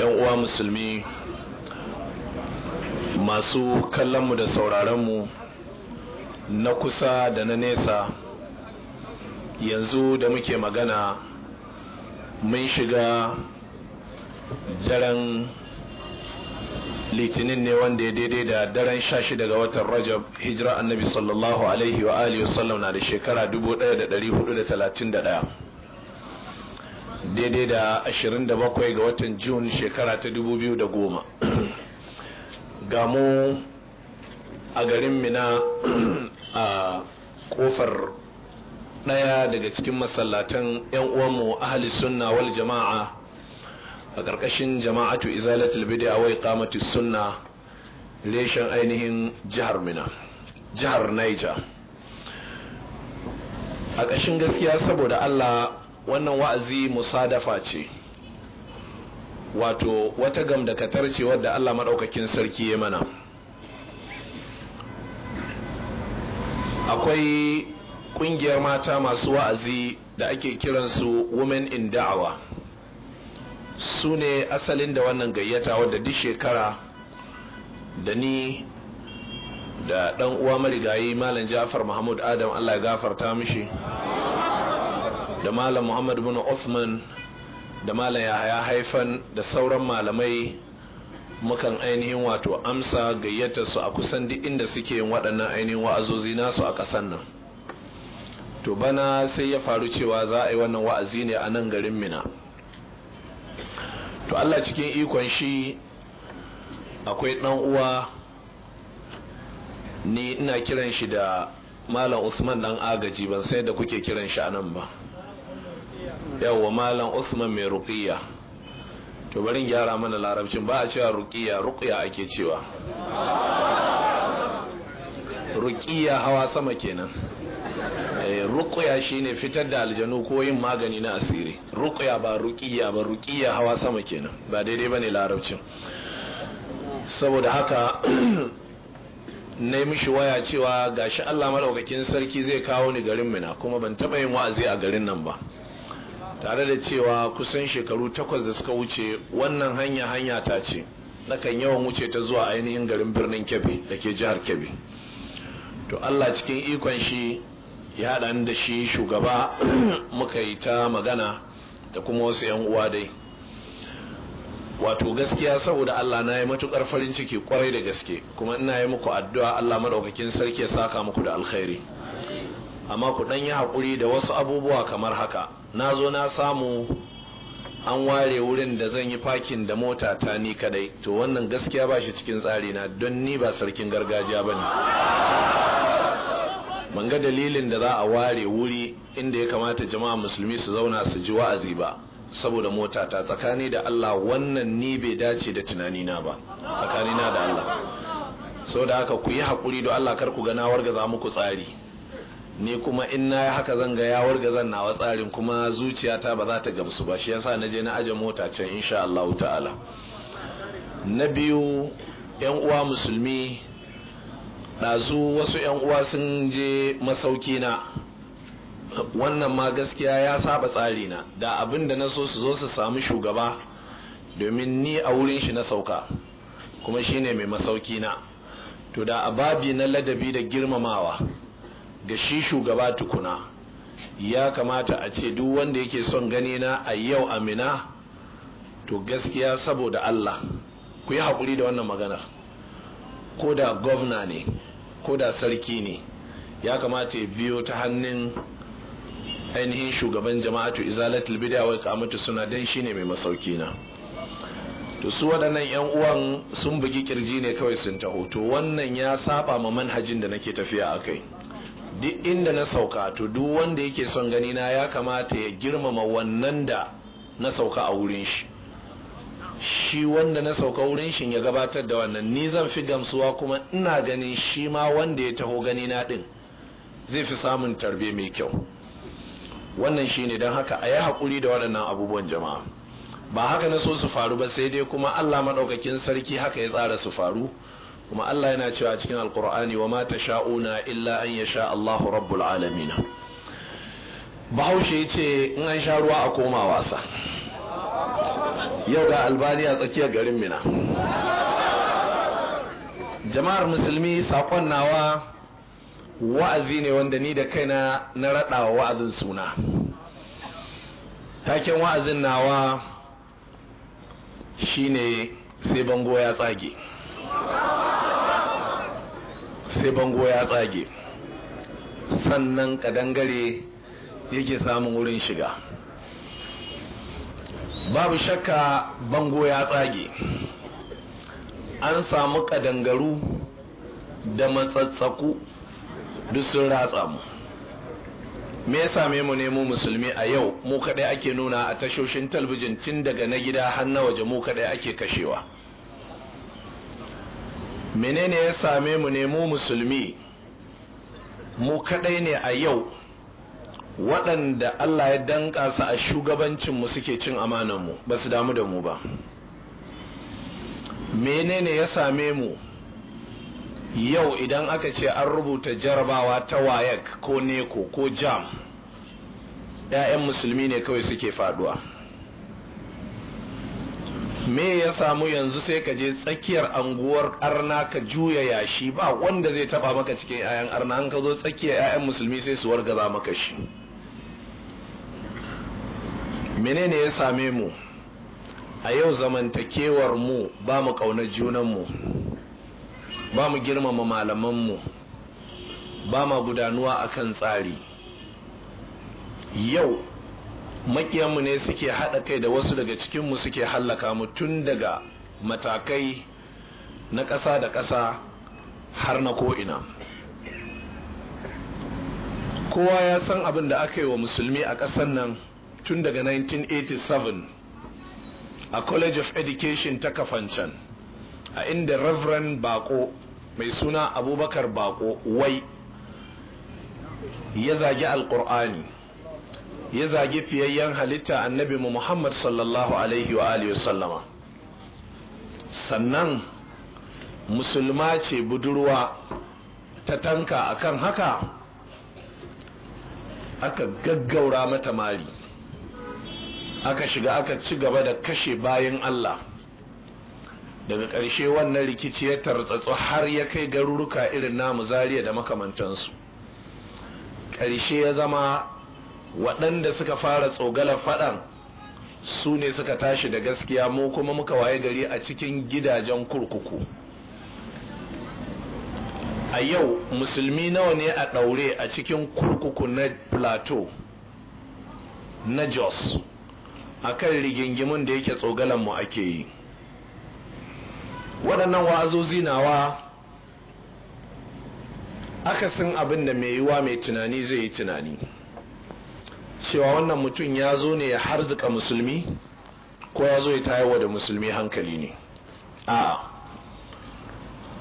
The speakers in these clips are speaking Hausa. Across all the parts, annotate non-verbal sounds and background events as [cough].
yan uwa musulmi masu kallon mu da mu na kusa da na nesa yanzu da muke magana mun shiga daren litinin ne wanda ya daidai da daren sha shi daga watan rajab hijira annabi sallallahu alaihi wa alihi wasallam na da shekara 1431 daidai da ashirin da bakwai ga watan Jun shekara ta 2010 ga mu a garin mina a kofar ɗaya daga cikin masallatan 'yan uwanmu ahli sunna wal jama'a a ƙarƙashin jama'atu izalatul a wai kamatu sunna reshen ainihin jihar mina jihar niger a ƙashin gaskiya saboda allah wannan wa'azi musadafa ce wato wata gamdakatar ce wadda Allah maɗaukakin sarki ya mana akwai ƙungiyar mata masu wa'azi da ake kiransu women in da'awa su ne asalin da wannan gayyata wadda duk shekara da ni da ɗan uwa marigayi malam jafar mahmud adam Allah ya gafarta mishi da malam muhammad bin Osman da malam yahaya haifan da sauran malamai mukan ainihin wato amsa gayyata su a kusan duk inda suke yin waɗannan ainihin wa'azozi nasu a ƙasar nan to bana sai ya faru cewa za a yi wannan wa'azi ne a nan garin mina to allah cikin ikon shi akwai ɗan uwa ni ina kiran shi da malam usman ɗan agaji ban sai da kuke kiran shi a nan ba yawa malam usman mai ruqiyya to barin gyara mana larabcin ba a cewa ruqiyya ruqiyya ake cewa ruqiyya hawa sama kenan eh, ruqiyya shine fitar da aljanu ko yin magani na asiri ruqiyya ba ruqiyya ba ruqiyya hawa sama kenan ba daidai bane larabcin saboda haka [clears throat] na mishi waya cewa gashi Allah madaukakin sarki zai kawo ni garin mina kuma ban taba yin wa'azi a garin nan ba tare da cewa kusan shekaru takwas da suka wuce wannan hanya hanya ta ce nakan yawan wuce ta zuwa ainihin garin birnin kebbi da ke jihar kebbi to allah cikin ikon shi ya haɗa da shi shugaba [clears throat] muka yi ta magana da kuma wasu 'yan uwa dai wato gaskiya saboda Allah na yi matukar farin ciki kwarai da gaske kuma ina yi muku addu'a Allah maɗaukakin sarki ya saka muku da alkhairi amma ku ɗan yi haƙuri da wasu abubuwa kamar haka na zo na samu an ware wurin da zan yi fakin da mota ta ni kadai to wannan gaskiya ba shi cikin tsari na don ni ba sarkin gargajiya ba ne ga dalilin da za a ware wuri inda ya kamata jama'a musulmi su zauna su ji wa'azi ba saboda mota ta tsakani da Allah wannan ni bai dace da tunanina ba na da Allah sau da haka ku yi haƙuri da Allah kar ku ga na wargaza muku tsari ni kuma in na haka zan ga ya warga zan nawa tsarin kuma zuciyata ba za ta gamsu ba shi yasa na je na aje mota can insha Allah ta'ala na biyu yan uwa musulmi ɗazu wasu yan uwa sun je masauki na wannan ma gaskiya ya saba tsari na da abin da na so su zo su samu shugaba domin ni a wurin shi na sauka kuma shine mai masauki na to da ababi na ladabi da girmamawa ga shi shugaba tukuna ya kamata a ce duk wanda yake son gani na a yau amina to gaskiya saboda Allah ku yi haƙuri da wannan maganar ko da gwamna ne ko da sarki ne ya kamata ya biyo ta hannun ainihin shugaban jama'atu izalat libida wai kamatu suna dan ne mai masauki na to su waɗannan yan uwan sun bugi kirji ne kawai sun taho to wannan ya saba ma manhajin da nake tafiya a akai duk inda na sauka to duk wanda yake son gani na ya kamata ya girmama wannan da na sauka a wurin shi shi wanda na sauka wurin shi ya gabatar da wannan ni zan fi gamsuwa kuma ina ganin shi ma wanda ya taho gani na din zai fi samun tarbe mai kyau wannan shine don haka a yi haƙuri da waɗannan abubuwan jama'a ba haka na so su faru ba sai dai kuma Allah maɗaukakin sarki haka ya tsara su faru kuma Allah yana cewa cikin alkur'ani wa ma tasha'una illa an ya sha Allahu rabbul alamin bahaushe yace in an sha ruwa a koma wasa yau ga albaniya tsakiyar garin mina jama'ar musulmi saƙon nawa wa'azi ne wanda ni da kaina na raɗa wa wa'azin suna taken wa'azin nawa shine sai bango ya tsage sai bango ya tsage sannan kadangare yake samun wurin shiga babu shakka bango ya tsage an samu kadangaru da matsatsaku duk sun ratsa mu me ya same mu ne mu musulmi a yau mu kadai ake nuna a tashoshin talbijin tun daga na gida har na waje mu kadai ake kashewa menene ya same mu ne mu musulmi mu kadai ne a yau waɗanda Allah ya danka su a mu suke cin mu ba su damu da mu ba menene ya same mu yau idan aka ce an rubuta jarabawa ta wayak ko neko ko jam 'ya'yan musulmi ne kawai suke faduwa me ya samu yanzu sai ka je tsakiyar anguwar arna ka juya yashi ba wanda zai taba maka cikin 'ya'yan arna an ka zo tsakiyar 'ya'yan musulmi sai su wargaza maka shi menene ya same mu a yau zamantakewar mu ba mu junan junanmu ba mu girmama malamanmu ba ma gudanuwa akan tsari yau makiyanmu ne suke haɗa kai da wasu daga cikinmu suke hallaka mu tun daga matakai na ƙasa da ƙasa har na ko'ina kowa ya san abin da aka yi wa musulmi a ƙasar nan tun daga 1987 a college of education ta kafancan a inda reverend bako mai suna abubakar bako wai ya zagi alkur'ani ya zagi fiyayyen halitta annabi mu Muhammad sallallahu alaihi wa alihi sallama sannan musulma ce budurwa ta tanka akan haka aka gaggaura mata mari aka shiga aka ci gaba da kashe bayan Allah daga ƙarshe wannan rikici ya tartsatsu har ya kai garuruka irin namu zariya da makamantansu ƙarshe ya zama waɗanda suka fara tsogalar faɗan su ne suka tashi da gaskiya mu kuma muka waye gari a cikin gidajen kurkuku a yau musulmi nawa ne a ɗaure a cikin kurkuku na plateau na jos a kan rigingimin da yake mu ake yi waɗannan wa'azozi nawa akasin abin da mai yiwa mai tunani zai yi tunani cewa wannan mutum ya zo ne ya harzuka musulmi ko ya zo ya tayawa da musulmi hankali ne a'a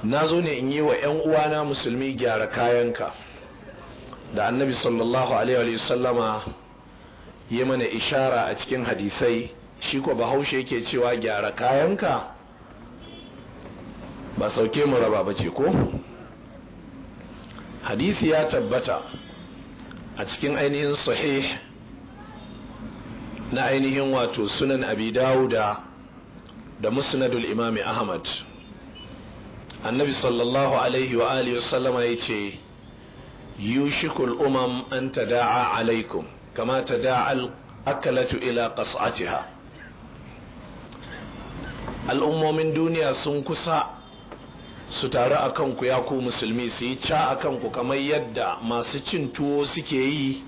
na zo ne in yi wa 'yan uwana musulmi gyara kayanka da annabi sallallahu alaihi sallama ya mana ishara a cikin hadisai shi ko bahaushe yake cewa gyara kayanka ba sauke mu raba ba ce ko hadisi ya tabbata a cikin ainihin sahih na ainihin wato sunan abi dawuda da musnadul imami ahmad annabi sallallahu alaihi wa alihi wasallama ya ce yushikul umam an tada'a alaikum kama tada'a akalatu ila qas'atiha al'ummomin duniya sun kusa su taru a kanku ya ku musulmi su yi ca a kanku kamar yadda masu cin tuwo suke yi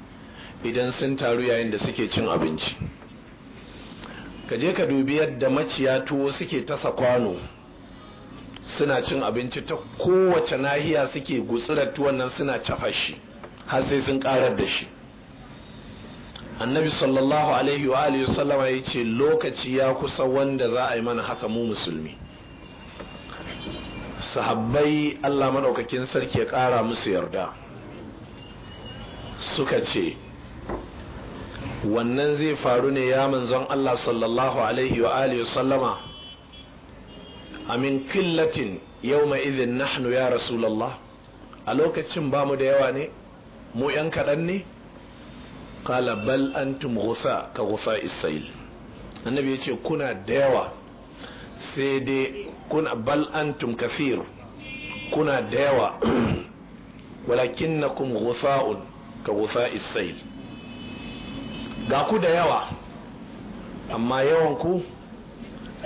idan sun taru yayin da suke cin abinci ka je ka dubi yadda maciya tuwo suke tasa kwano suna cin abinci ta kowace nahiya suke gutsurar tuwon nan suna cafa shi har sai sun karar da shi annabi sallallahu alaihi wa alihi wasallama ya ce lokaci ya kusa wanda za a yi mana haka mu musulmi sahabbai Allah madaukakin sarki ya ƙara musu yarda suka ce wannan zai faru ne ya manzon Allah sallallahu alaihi wa alihi sallama amin killatin yawma idhin nahnu ya rasulullah a lokacin ba mu da yawa ne mu yan kaɗan ne qala bal antum ghusa ka ghusa isail annabi yace kuna da yawa sai dai kuna bal antum kafir kuna da yawa [clears throat] walakinnakum ghusa'un ka ghusa'is sayl ga ku da yawa amma yawan ku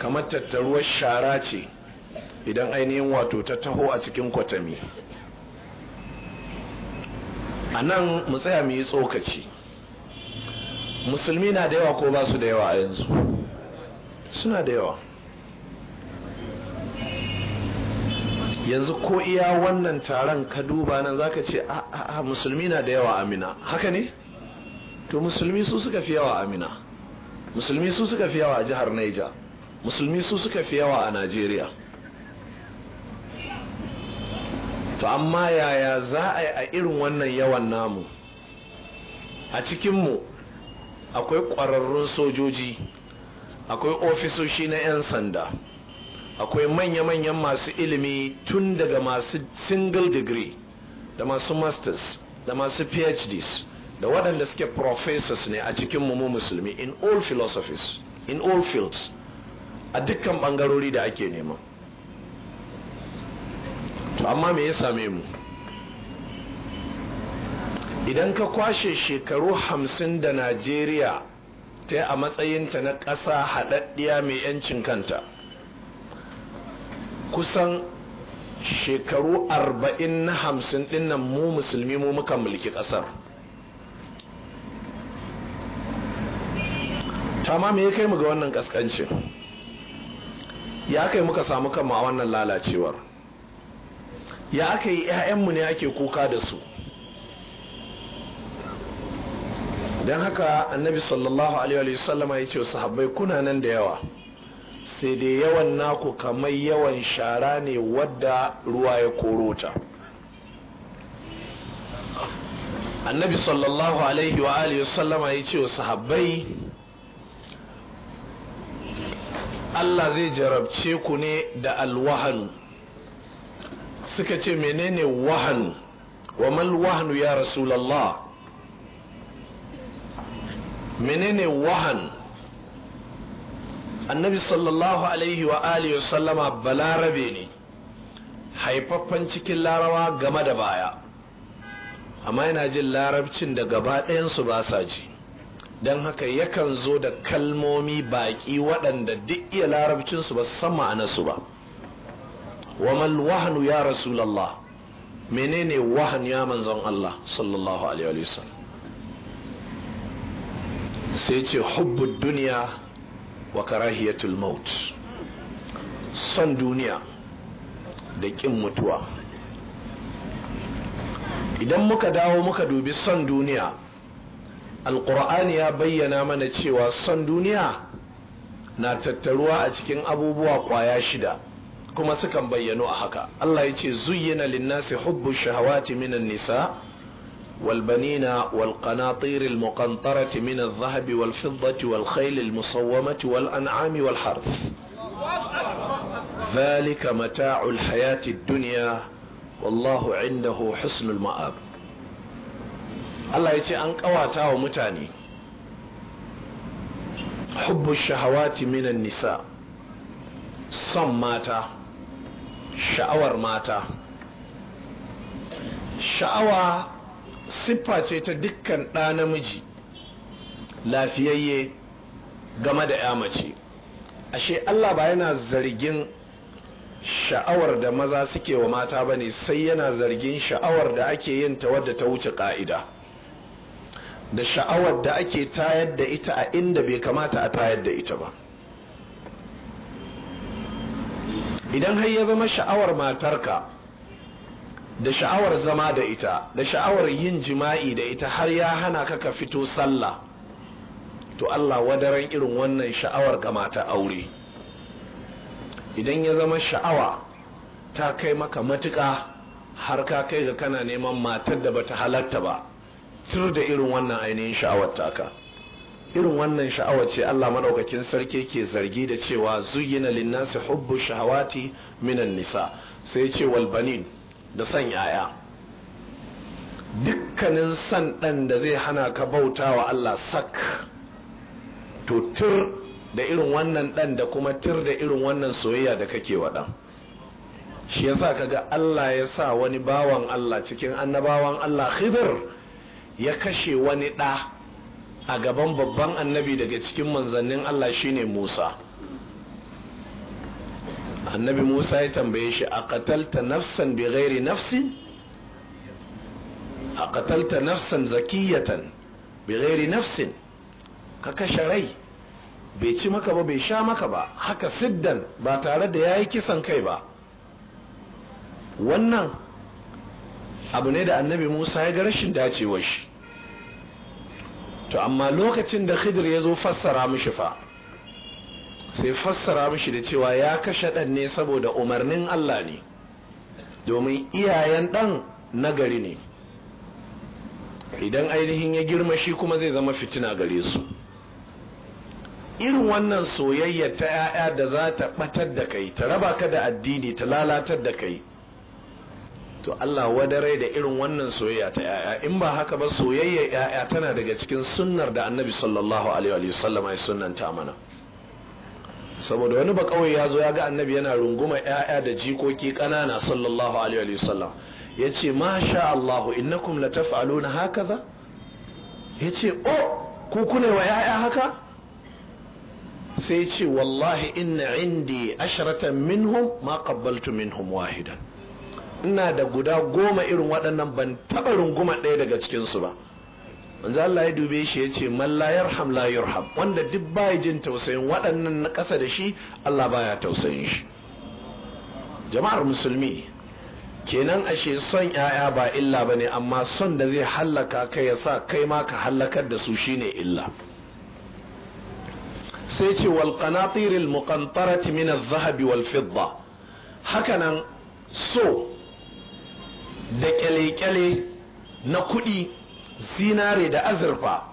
kamar tattaruwar shara ce idan ainihin wato ta taho a cikin kwatami a nan mu tsaya mu yi tsokaci musulmi na da yawa ko ba su da yawa a yanzu suna da yawa yanzu ko iya wannan taron ka duba nan zaka ce a musulmi na da yawa amina haka ne to musulmi su suka fi yawa amina musulmi su suka fi yawa a jihar Niger musulmi su suka fi yawa a Najeriya to amma yaya za a yi a irin wannan yawan namu a cikinmu akwai ƙwararrun sojoji akwai ofisoshi na 'yan sanda akwai manya-manyan masu ilimi tun daga masu single degree da masu masters da masu phds da waɗanda suke professors ne a cikin mu musulmi in all philosophies in all fields a dukkan ɓangarori da ake nema to amma me ya same mu idan ka kwashe shekaru hamsin da najeriya ta a matsayinta na ƙasa haɗaɗɗiya mai 'yancin kanta kusan shekaru arba'in na hamsin dinnan mu musulmi mu muka mulki kasar tama me ya kai mu ga wannan kaskancin ya kai muka samu kanmu a wannan lalacewar ya aka yi 'ya'yanmu ne ake kuka da su don haka annabi sallallahu alaihi wasallama ya ce wasu kuna nan da yawa sai dai yawan naku kamar yawan shara ne wadda ruwa ya koro ta annabi sallallahu alaihi wa alihi sallama ya ce wa sahabbai Allah zai jarabce ku ne da alwahanu suka ce menene wahanu wa mal wahanu ya rasulallah menene Wahan? annabi sallallahu alaihi wa alihi sallama balarabe ne Haifaffan cikin larawa game da baya amma yana jin larabcin da gaba ɗayansu ba sa ji don haka yakan zo da kalmomi baƙi waɗanda duk iya larabcinsu ba san ma'anarsu ba wa mal wahnu ya rasulallah menene wahan ya manzon Allah sallallahu alaihi wasallam sai ce hubbud duniya wa karahiyatul maut son duniya da ƙin mutuwa idan muka dawo muka dubi son duniya alƙur'ani ya bayyana mana cewa son duniya na tattaruwa a cikin abubuwa ƙwaya shida kuma sukan bayyano a haka Allah ya ce zuyyina linnasi hubbu shahawati minan nisa' والبنين والقناطير المقنطرة من الذهب والفضة والخيل المصومة والأنعام والحرث ذلك متاع الحياة الدنيا والله عنده حسن المآب الله يتي أن أواتا متاني حب الشهوات من النساء صم ماتا شأور ماتا شاور siffa ce ta dukkan ɗa namiji lafiyayye game da ya mace ashe Allah ba yana zargin sha'awar da maza suke wa mata ba ne sai yana zargin sha'awar da ake yin ta wadda ta wuce ƙa'ida da sha'awar da ake tayar da ita a inda bai kamata a tayar da ita ba idan har ya zama sha'awar matarka da sha'awar zama da ita da sha'awar yin jima'i da ita har ya hana ka fito sallah to Allah wadaran irin wannan sha'awar ga mata aure idan ya zama sha'awa ta kai maka matuƙa har ka kai ga kana neman matar da bata halatta ba tur da irin wannan ainihin sha'awar taka irin wannan sha'awar ce Allah madaukakin sarki ke zargi da cewa zuyyina linnasi hubbu shahawati minan nisa sai ce wal da son yaya dukkanin san ɗan da zai hana ka bauta wa Allah sak to tir da irin wannan ɗan da kuma tir da irin wannan soyayya da kake wa ɗan shi yasa kaga Allah ya sa wani bawan Allah cikin annabawan Allah Khidir ya kashe wani ɗa a gaban babban annabi daga cikin manzannin Allah shine Musa annabi musa ya tambaye shi a katalta nafsan bi ghairi nafsi a katalta nafsan zakiyatan bi ghairi nafsin ka kashe rai bai ci maka ba bai sha maka ba haka siddan ba tare da ya yi kisan kai ba wannan abu ne da annabi musa ya ga rashin dacewar shi to amma lokacin da khidir ya zo fassara mishi fa sai fassara mishi da cewa ya kashe ɗan ne saboda umarnin Allah ne domin iyayen ɗan nagari ne idan ainihin ya girma shi kuma zai zama fitina gare su irin wannan soyayya ta 'ya'ya da za ta ɓatar da kai ta raba ka da addini ta lalatar da kai to Allah wadarai da irin wannan soyayya ta 'ya'ya in ba haka ba soyayya 'ya'ya tana daga cikin sunnar da annabi sallallahu alaihi wa ya sunnanta mana saboda wani ba kawai ya zo ya ga annabi yana runguma yaya da jikoki ƙanana sallallahu alaihi wasallam ya ce masha Allah innakum la taf'aluna hakaza ya ce o ku kune wa ƴaƴa haka sai ce wallahi inna indi asharatan minhum ma qabbaltu minhum wahidan ina da guda goma irin waɗannan ban taɓa runguma ɗaya daga cikinsu ba manzo Allah ya dube shi ya ce man la yarham la yurham wanda duk baya jin tausayin waɗannan na ƙasa da shi Allah baya tausayin shi jama'ar musulmi kenan ashe son 'ya'ya ba illa ne amma son da zai hallaka kai ya sa kai ma ka hallakar da su shine illa sai ce wal qanatir al muqantarat min wal fidda hakanan so da ƙyale-ƙyale na kuɗi zinare da azurfa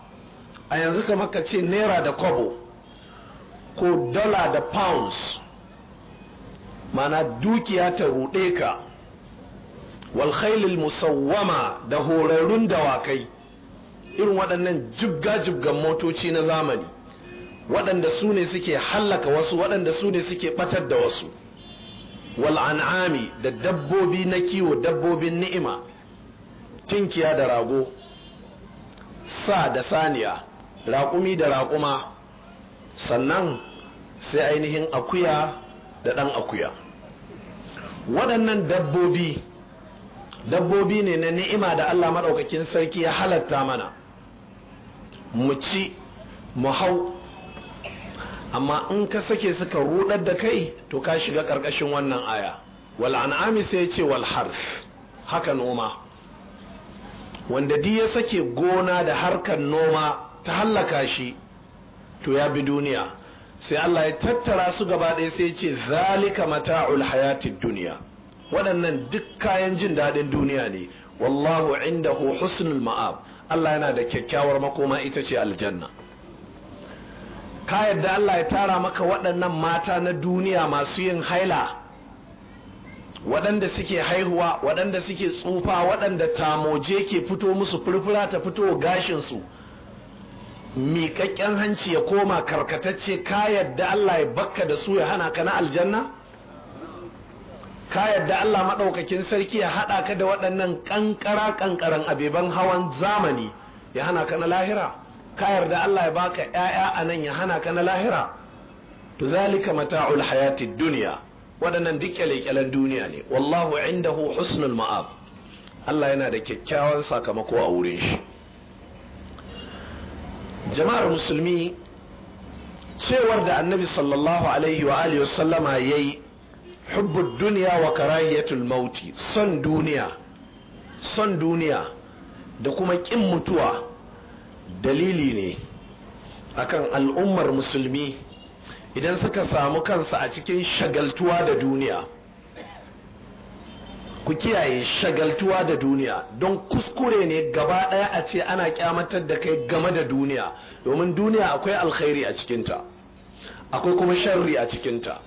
a yanzu kamar ka ce naira da kwabo ko dala da pounds mana dukiya ta ruɗe ka walhailil musawwama da horarrun dawakai irin waɗannan jibga-jibgan motoci na zamani waɗanda su ne suke hallaka wasu waɗanda su ne suke ɓatar da wasu wal'an'ami da dabbobi na kiwo dabbobin ni'ima tinkiya da rago sa da saniya raƙumi da raƙuma sannan sai ainihin akuya da ɗan akuya waɗannan dabbobi dabbobi ne na ni'ima da Allah maɗaukakin sarki ya halatta mana mu ci mu hau amma in ka sake suka rudar da kai to ka shiga ƙarƙashin wannan aya wal an'ami sai ce wal harf haka noma wanda duk ya sake gona da harkar noma ta hallaka shi to ya bi duniya sai Allah ya tattara su gaba ɗaya sai ce zalika mata'ul hayatid duniya waɗannan duk kayan jin daɗin duniya ne wallahu indahu husnul ma'ab Allah yana da kyakkyawar makoma ita ce aljanna ka yadda Allah ya tara maka waɗannan mata na duniya masu yin haila waɗanda suke haihuwa waɗanda suke tsufa waɗanda tamoje ke fito musu furfura ta fito gashinsu miƙaƙƙen hanci ya koma karkatacce ka yadda Allah ya bakka da su ya hana ka na aljanna ka yadda Allah maɗaukakin sarki ya haɗa ka da waɗannan ƙanƙara ƙanƙaran abeban hawan zamani ya hana ka na lahira ka yarda Allah ya baka ƴaƴa a nan ya hana ka na lahira to zalika mata'ul hayatid duniya waɗannan duk kyale-kyalen duniya ne wallahu indahu husnul ma'ab Allah yana da kyakkyawan sakamako a wurin shi jama'ar musulmi cewar da annabi sallallahu alaihi wa alihi sallama yayi hubbud duniya wa karahiyatul mauti son duniya son duniya da kuma kin mutuwa dalili ne akan al'ummar musulmi idan suka samu kansu a cikin shagaltuwa da duniya ku kiyaye shagaltuwa da duniya don kuskure ne gaba ɗaya a ce ana kyamatar da kai game da duniya domin duniya akwai alkhairi a cikinta akwai kuma sharri a cikinta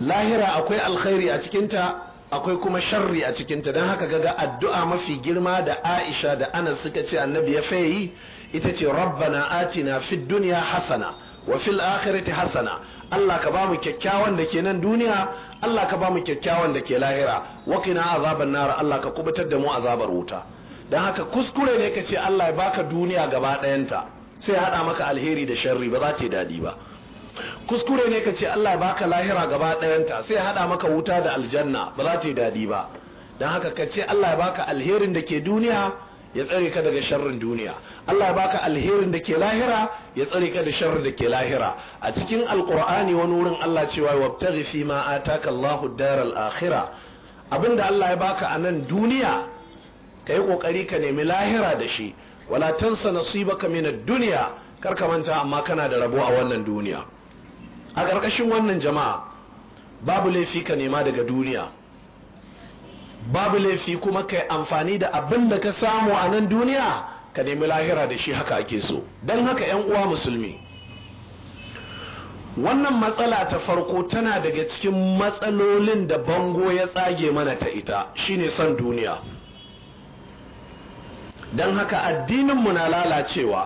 lahira akwai alkhairi a cikinta akwai kuma sharri a cikinta don haka gaga addu'a mafi girma da aisha da anas suka ce annabi ya fayi ita ce rabbana na fid duniya hasana wa fil akhirati hasana Allah ka bamu kyakkyawan da ke nan duniya Allah ka bamu kyakkyawan da ke lahira wa qina azaban nar Allah ka kubutar da mu azabar wuta dan haka kuskure ne kace Allah ya baka duniya gaba dayanta sai ya hada maka alheri da sharri ba za ta dadi ba kuskure ne kace Allah ya baka lahira gaba dayanta sai ya hada maka wuta da aljanna ba za ta dadi ba dan haka kace Allah ya baka alherin da ke duniya ya tsare ka daga sharrin duniya Allah ya baka alherin da ke lahira ya tsare ka da sharri da ke lahira a cikin alqur'ani wani wurin Allah cewa wabtaghi fi ma ataka Allahu daral akhirah abinda Allah ya baka a nan duniya kai kokari ka nemi lahira da shi wala tansa nasibaka min ad-dunya kar ka manta amma kana da rabo a wannan duniya a karkashin wannan jama'a babu laifi ka nema daga duniya babu laifi kuma kai amfani da abin da ka samu a nan duniya ka nemi lahira da shi haka ake so don haka yan uwa musulmi wannan matsala ta farko tana daga cikin matsalolin da bango ya tsage mana ta ita shine son duniya don haka addininmu na lalacewa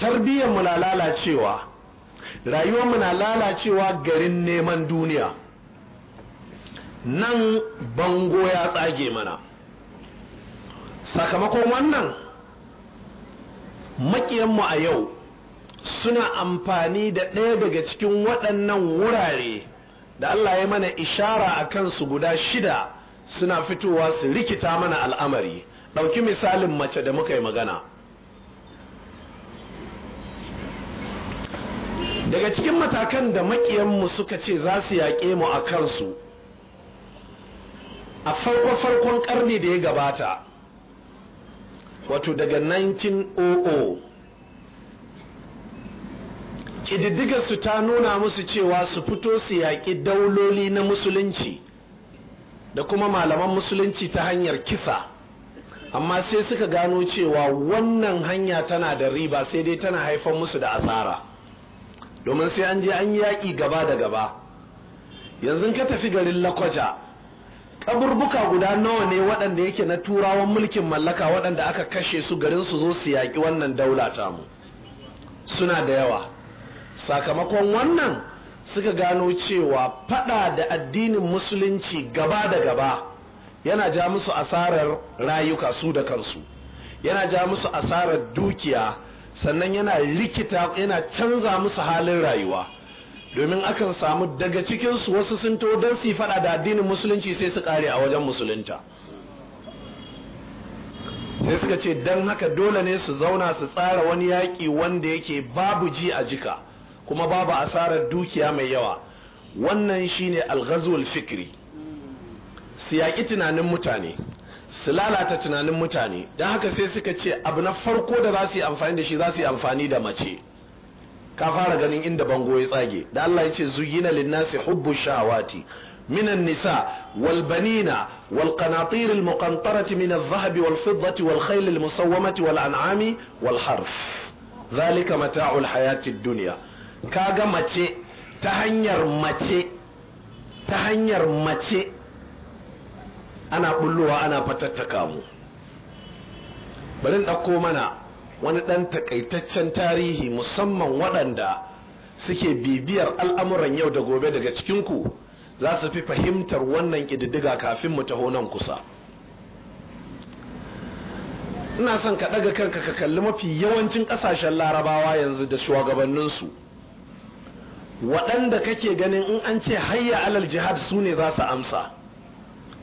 tarbiyyarmu na lalacewa rayuwarmu na lalacewa garin neman duniya nan bango ya tsage mana sakamakon wannan makiyanmu a yau suna amfani da ɗaya daga cikin waɗannan wurare da Allah ya mana ishara a kansu guda shida suna fitowa su rikita mana al'amari ɗauki misalin mace da muka yi magana daga cikin matakan da makiyanmu suka ce za su yaƙe mu a kansu a farko-farkon ƙarni da ya gabata wato daga 1900 ƙididdigar su ta nuna musu cewa su fito su yaƙi dauloli na musulunci da kuma malaman musulunci ta hanyar kisa amma sai suka gano cewa wannan hanya tana da riba sai dai tana haifar musu da asara domin sai an je an yaƙi gaba da gaba yanzu ka tafi garin lakwaja kaburbuka guda nawa ne waɗanda yake na turawan mulkin mallaka waɗanda aka kashe su garin su zo su yaƙi wannan daula ta mu suna da yawa sakamakon wannan suka gano cewa faɗa da addinin musulunci gaba da gaba yana ja musu asarar rayuka su da kansu yana ja musu asarar dukiya sannan yana rikita yana canza musu halin rayuwa domin akan samu daga cikinsu wasu sun to don su fada da addinin musulunci sai su kare a wajen musulunta sai suka ce don haka dole ne su zauna su tsara wani yaƙi wanda yake babu ji a jika kuma babu asarar dukiya mai yawa wannan shine al fikri su yaƙi tunanin mutane su lalata tunanin mutane don haka sai suka ce abu na farko da za su yi amfani da shi za su yi amfani da mace ka fara ganin inda bango ya tsage da Allah ya ce zuyina linnasi hubbu shawati minan nisa wal banina wal qanatir al muqantara min al dhahab wal fidda wal khayl al musawwamati wal an'ami wal harf zalika mata'u al hayati ad dunya kaga mace ta hanyar mace ta hanyar mace ana bullowa ana fatattaka mu bari in dauko mana wani ɗan takaitaccen tarihi musamman waɗanda suke bibiyar al'amuran yau da gobe daga cikinku za su fi fahimtar wannan ƙididdiga kafin mu taho nan kusa ina son ka ɗaga kanka ka kalli mafi yawancin ƙasashen larabawa yanzu da shugabanninsu waɗanda kake ganin in an ce hayya alal jihad su ne za su amsa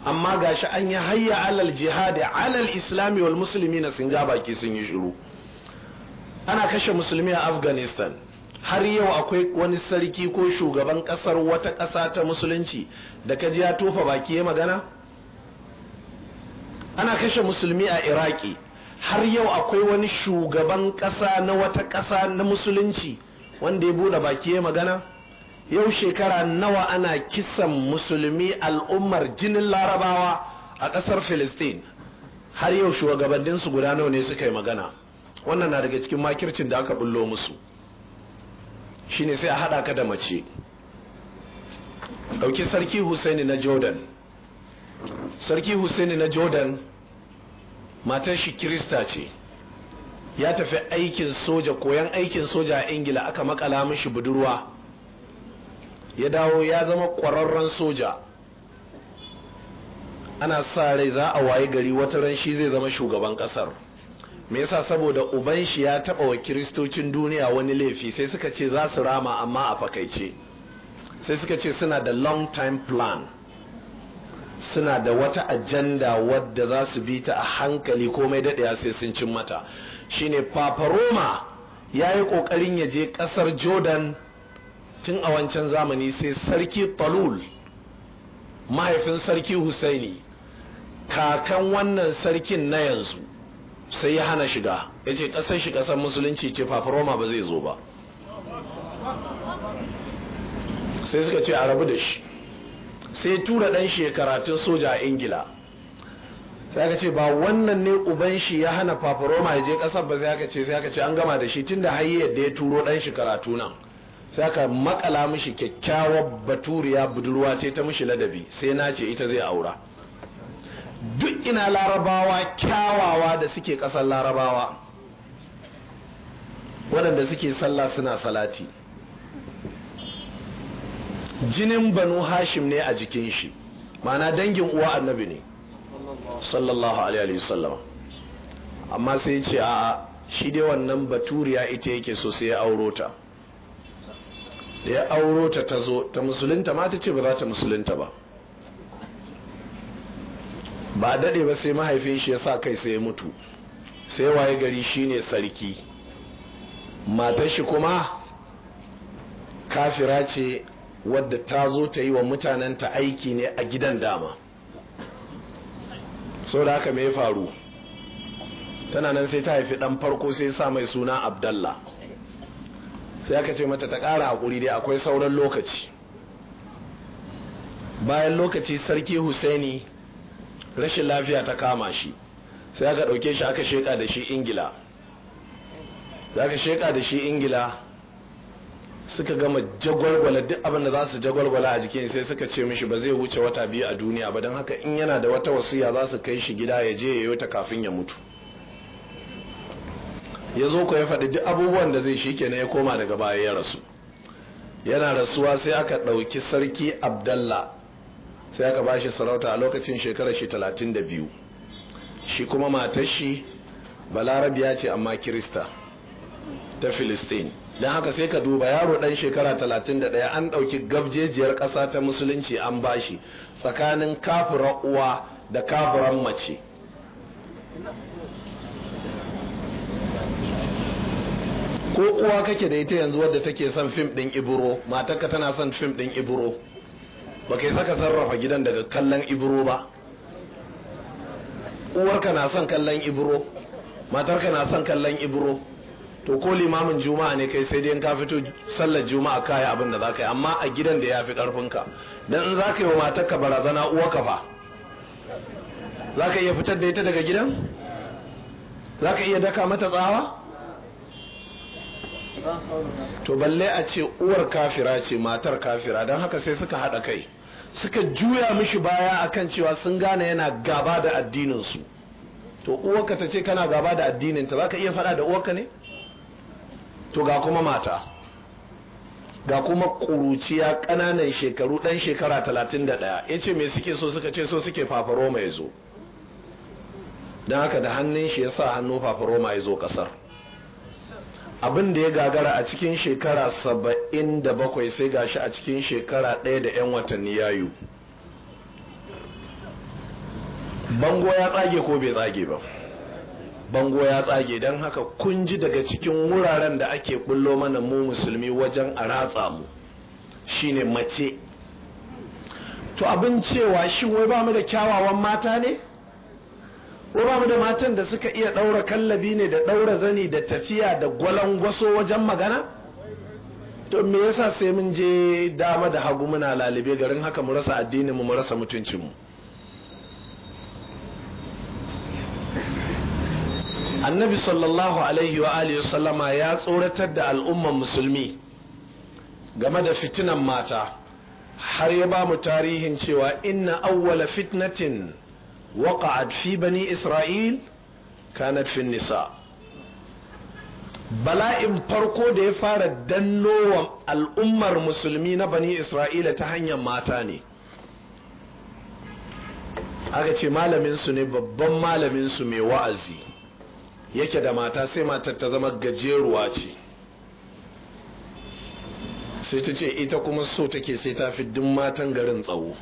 amma gashi an yi hayya alal jihad alal islami wal musulmi na sun ja baki sun yi shiru ana kashe musulmi a afghanistan har yau akwai wani sarki ko shugaban kasar wata ƙasa ta musulunci da ka ji ya tofa baki ya magana ana kashe musulmi a iraki har yau akwai wani shugaban ƙasa na wata ƙasa na musulunci wanda ya buɗe baki ya magana yau shekara nawa ana kisan musulmi al'ummar jinin larabawa a ƙasar Filistin har yau shugabanninsu guda nawa ne suka yi magana wannan na daga cikin makircin da aka bullo musu shine sai a haɗa ka da mace ɗauki sarki husaini na jordan sarki husaini na jordan matar shi kirista ce ya tafi aikin soja koyan aikin soja a ingila aka makala mishi budurwa ya dawo ya zama ƙwararren soja ana sa rai za a waye gari wata ran shi zai zama shugaban ƙasar me yasa saboda uban shi ya taba wa kiristocin duniya wani laifi sai suka ce za su rama amma a fakaice sai suka ce suna da long time plan suna da wata ajanda wadda za su bi ta a hankali komai daɗaya sai sun cin mata shine papa roma ya yi ƙoƙarin ya je ƙasar jordan tun a wancan zamani sai sarki talul mahaifin sarki husaini kakan wannan sarkin na yanzu sai ya hana shiga ya ce ƙasar shi ƙasar musulunci ce roma ba zai zo ba sai suka ce a rabu da shi sai tura ɗan shi soja a ingila sai aka ce ba wannan ne uban shi ya hana fafaroma ya je ƙasar ba sai aka ce sai aka ce an gama da shi tun da hayi yadda ya turo ɗan shi karatu nan sai aka makala mishi kyakkyawar baturiya budurwa ce ta mishi ladabi sai na ce ita zai aura duk ina larabawa kyawawa da suke ƙasar larabawa waɗanda suke sallah suna salati jinin banu hashim ne a jikin shi mana dangin uwa annabi ne sallallahu alaihi wasallam amma sai ce a shi dai wannan baturiya ita yake so sai ya auro ta da ya auro ta ta zo ta musulunta ma ta ce ba za ta musulunta ba ba daɗe ba sai mahaifin shi ya sa kai sai ya mutu sai waye gari shine sarki matar shi kuma kafira ce wadda ta zo ta yi wa mutanenta aiki ne a gidan dama sau da haka mai faru tana nan sai ta haifi ɗan farko sai sa mai suna abdallah sai aka ce mata ta ƙara haƙuri dai akwai sauran lokaci bayan lokaci sarki husaini rashin lafiya ta kama shi sai aka ɗauke shi aka sheƙa da shi ingila da aka sheka da shi ingila suka gama jagwalgwala duk abin da za su jagwalgwala a jikin sai suka ce mishi ba zai wuce wata biyu a duniya ba don haka in yana da wata wasiya za su kai shi gida ya je ya yi ta kafin ya mutu ya zo ku ya faɗi duk abubuwan da zai shi ke ya koma daga baya ya rasu yana rasuwa sai aka ɗauki sarki abdallah sai aka ba shi sarauta a lokacin shekarar shi talatin da biyu shi kuma matar shi balarabiya ce amma kirista ta filistin don haka sai ka duba yaro ɗan shekara talatin da ɗaya an ɗauki gabjejiyar ƙasa ta musulunci an ba shi tsakanin kafiran uwa da kafiran mace ko uwa kake da ita yanzu wadda take son fim ɗin iburo matarka tana son fim ɗin iburo ba kai saka sarrafa gidan daga kallon ibro ba uwarka na son kallon ibro matarka na son kallon ibro to ko limamin juma'a ne kai sai dai ka fito sallar juma'a kai abin da zaka yi amma a gidan da ya fi karfinka dan in zaka yi wa ka barazana uwarka fa zaka iya fitar da ita daga gidan zaka iya daka mata tsawa to balle a ce uwar kafira ce matar kafira don haka sai suka haɗa kai suka juya mishi baya akan cewa sun gane yana gaba da addininsu to uwarka ta ce kana gaba da addininta za ka iya faɗa da uwarka ne to ga kuma mata ga kuma ƙuruciya ƙananan shekaru ɗan shekara talatin da ɗaya ya ce me suke so suka ce so suke fafaro mai zo don haka da hannun shi ya sa hannu fafaroma ya zo ƙasar abin da ya gagara a cikin shekara saba'in da bakwai sai gashi a cikin shekara ɗaya da 'yan watanni yayu bango ya tsage ko bai tsage ba bango ya tsage don haka kun ji daga cikin wuraren da ake kullo mana mu musulmi wajen a ratsa mu shine mace to abin cewa shi wai ba mu da kyawawan mata ne ko ba mu da matan da suka iya ɗaura kallabi ne da ɗaura zani da tafiya da gwalangwaso wajen magana to me yasa sai mun je dama da hagu muna lalibe garin haka mu rasa addinin mu mu rasa mutuncin mu annabi sallallahu alaihi wa alihi sallama ya tsoratar da al'umman musulmi game da fitinan mata har ya ba mu tarihin cewa inna awwala fitnatin وقعت في بني إسرائيل كانت في النساء bala'in farko da ya fara dannowa al'ummar musulmi na bani isra'ila ta hanyar mata ne aka ce malaminsu ne babban malaminsu mai wa'azi yake da mata sai matar ta zama gajeruwa ce sai ta ce ita kuma so take sai ta fi duk matan garin tsawo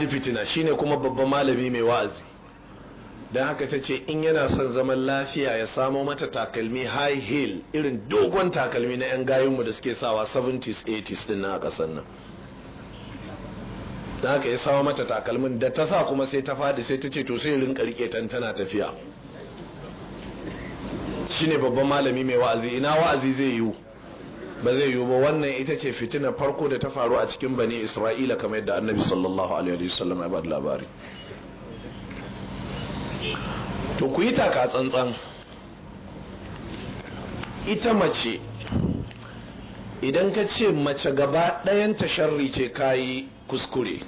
ji fitina shine kuma babban malami mai wa'azi don haka ta ce in yana son zaman lafiya ya samo mata takalmi high heel irin dogon takalmi na 'yan gayunmu da suke sawa 70s 80s din na kasan nan don haka ya samo mata takalmin da ta sa kuma sai ta fadi sai ta ce to sai rinka rike tan tana tafiya shine babban malami mai wa'azi ina wa'azi zai yiwu ba zai yiwu ba wannan ita ce fitina farko da ta faru a cikin bani isra'ila kamar yadda annabi sallallahu alaihi wasallam ya bada labari to ku yi taka tsantsan ita mace idan ka ce mace gaba ɗayan sharri ce kayi kuskure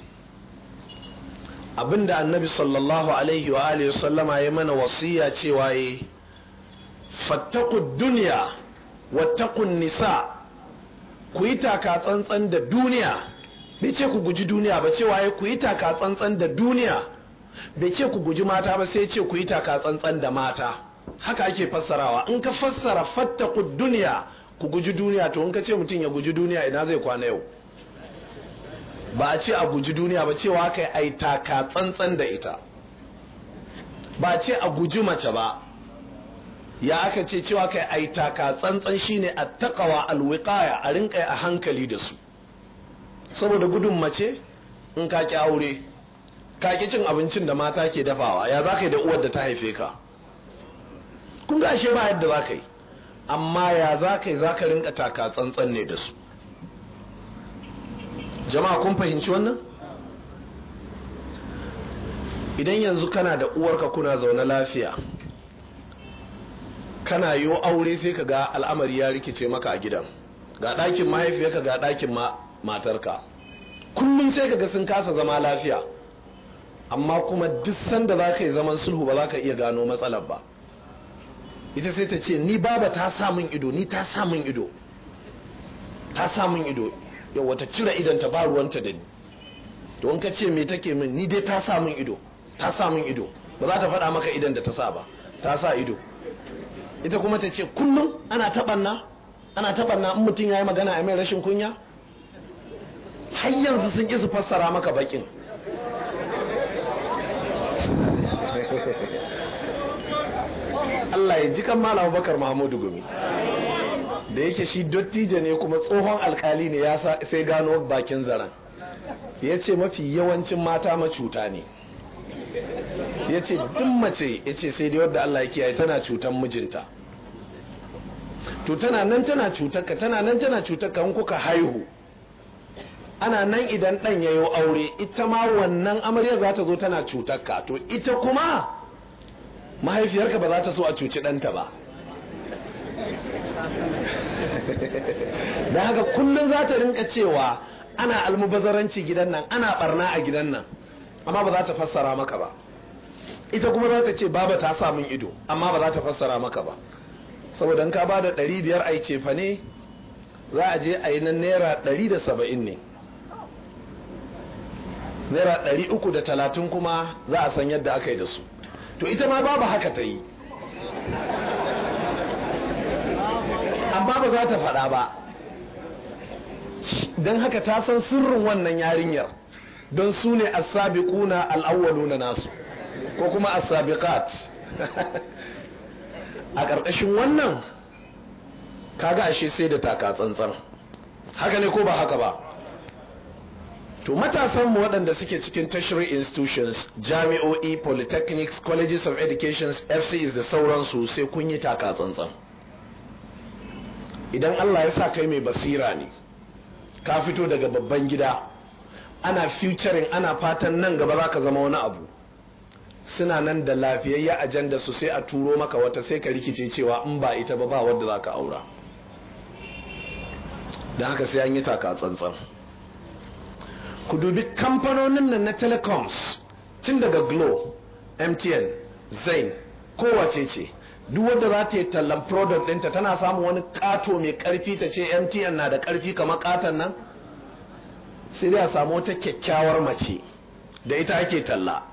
abinda annabi sallallahu alaihi wa alihi sallama ya mana wasiya cewa yi fattaku duniya wattakun nisa ku yi taka tsantsan da duniya bai ce ku guji duniya ba cewa ya ku yi taka tsantsan da duniya bai ce ku guji mata ba sai ce ku yi taka tsantsan da mata haka ake fassarawa in ka fassara fatta ku duniya ku guji duniya to in ka ce mutum ya guji duniya ina zai kwana yau ba a ce a guji duniya ba cewa kai ai taka tsantsan da ita ba a ce a guji mace ba ya aka ce cewa kai ai taka tsantsan shine attaqwa alwiqaya a rinkai a hankali da su saboda gudun mace in ka ki aure ka ki cin abincin da mata ke dafawa ya za ka yi da uwar da ta haife ka kun ga ashe ba yadda za ka yi amma ya za ka yi za ka rinka taka tsantsan ne da su jama'a kun fahimci wannan idan yanzu kana da uwarka kuna zaune lafiya kana yo aure sai ka ga al'amari ya rikice maka a gidan ga ɗakin mahaifiyarka ga ɗakin matarka kullum sai ka ga sun kasa zama lafiya amma kuma duk sanda za ka yi zaman sulhu ba za ka iya gano matsalar ba ita sai ta ce ni baba ta samun ido ni ta samun ido ta samun ido yau wata cire idan ta ba ruwanta da ni don ka ce me take min ni dai ta samun ido ta samun ido ba za ta faɗa maka idan da ta sa ba ta sa ido ita kuma ta ce kullum ana taɓanna ana taɓanna in mutum ya yi magana a mai rashin kunya har yanzu sun ƙi su fassara maka bakin Allah ya ji kan Malam Bakar Muhammadu Gumi da yake shi dottijo ne kuma tsohon alkali ne ya sai gano bakin zaren ya ce mafi yawancin mata macuta ne ya ce duk mace ya ce sai dai wadda Allah ya kiyaye tana cutar mijinta to tana nan tana cutar ka tana nan tana cutar ka kuka haihu ana nan idan dan ya yi aure ita ma wannan amarya za ta zo tana cutar ka to ita kuma mahaifiyarka ba za ta so a cuci ɗanta ba da haka kullum za ta rinka cewa ana almubazaranci gidan nan ana barna a gidan nan amma ba za ta fassara maka ba ita kuma za ta ce baba ta sa min ido amma ba za ta fassara maka ba saboda in ka ba da ɗari biyar a yi cefa ne za a je a yi na naira ɗari da saba'in ne naira ɗari uku da talatin kuma za a san yadda aka yi da su to ita ma ba haka ta yi amma ba za ta faɗa ba don haka ta san sirrin wannan yarinyar don su ne kuna al'awwalu na nasu ko kuma a asabiqat a ƙarƙashin wannan kaga ashe sai da taka tsantsan haka ne ko ba haka ba to matasanmu waɗanda suke cikin tertiary institutions jami'o'i polytechnics colleges of education FC is da sauransu sai kun yi taka tsantsan idan allah ya sa kai mai basira ne ka fito daga babban gida ana featuring ana fatan nan gaba za ka zama wani abu suna nan da lafiyayya a ajanda su sai a turo maka wata sai ka rikice cewa in ba ita ba ba wadda za ka aura don haka sai an yi taka tsantsan ku dubi kamfanonin nan na telecoms tun daga glo mtn zain kowace ce duk wadda za ta yi tallan product ɗinta tana samun wani kato mai karfi ta ce mtn na da karfi kamar ƙaton nan sai dai a samu wata kyakkyawar mace da ita ake talla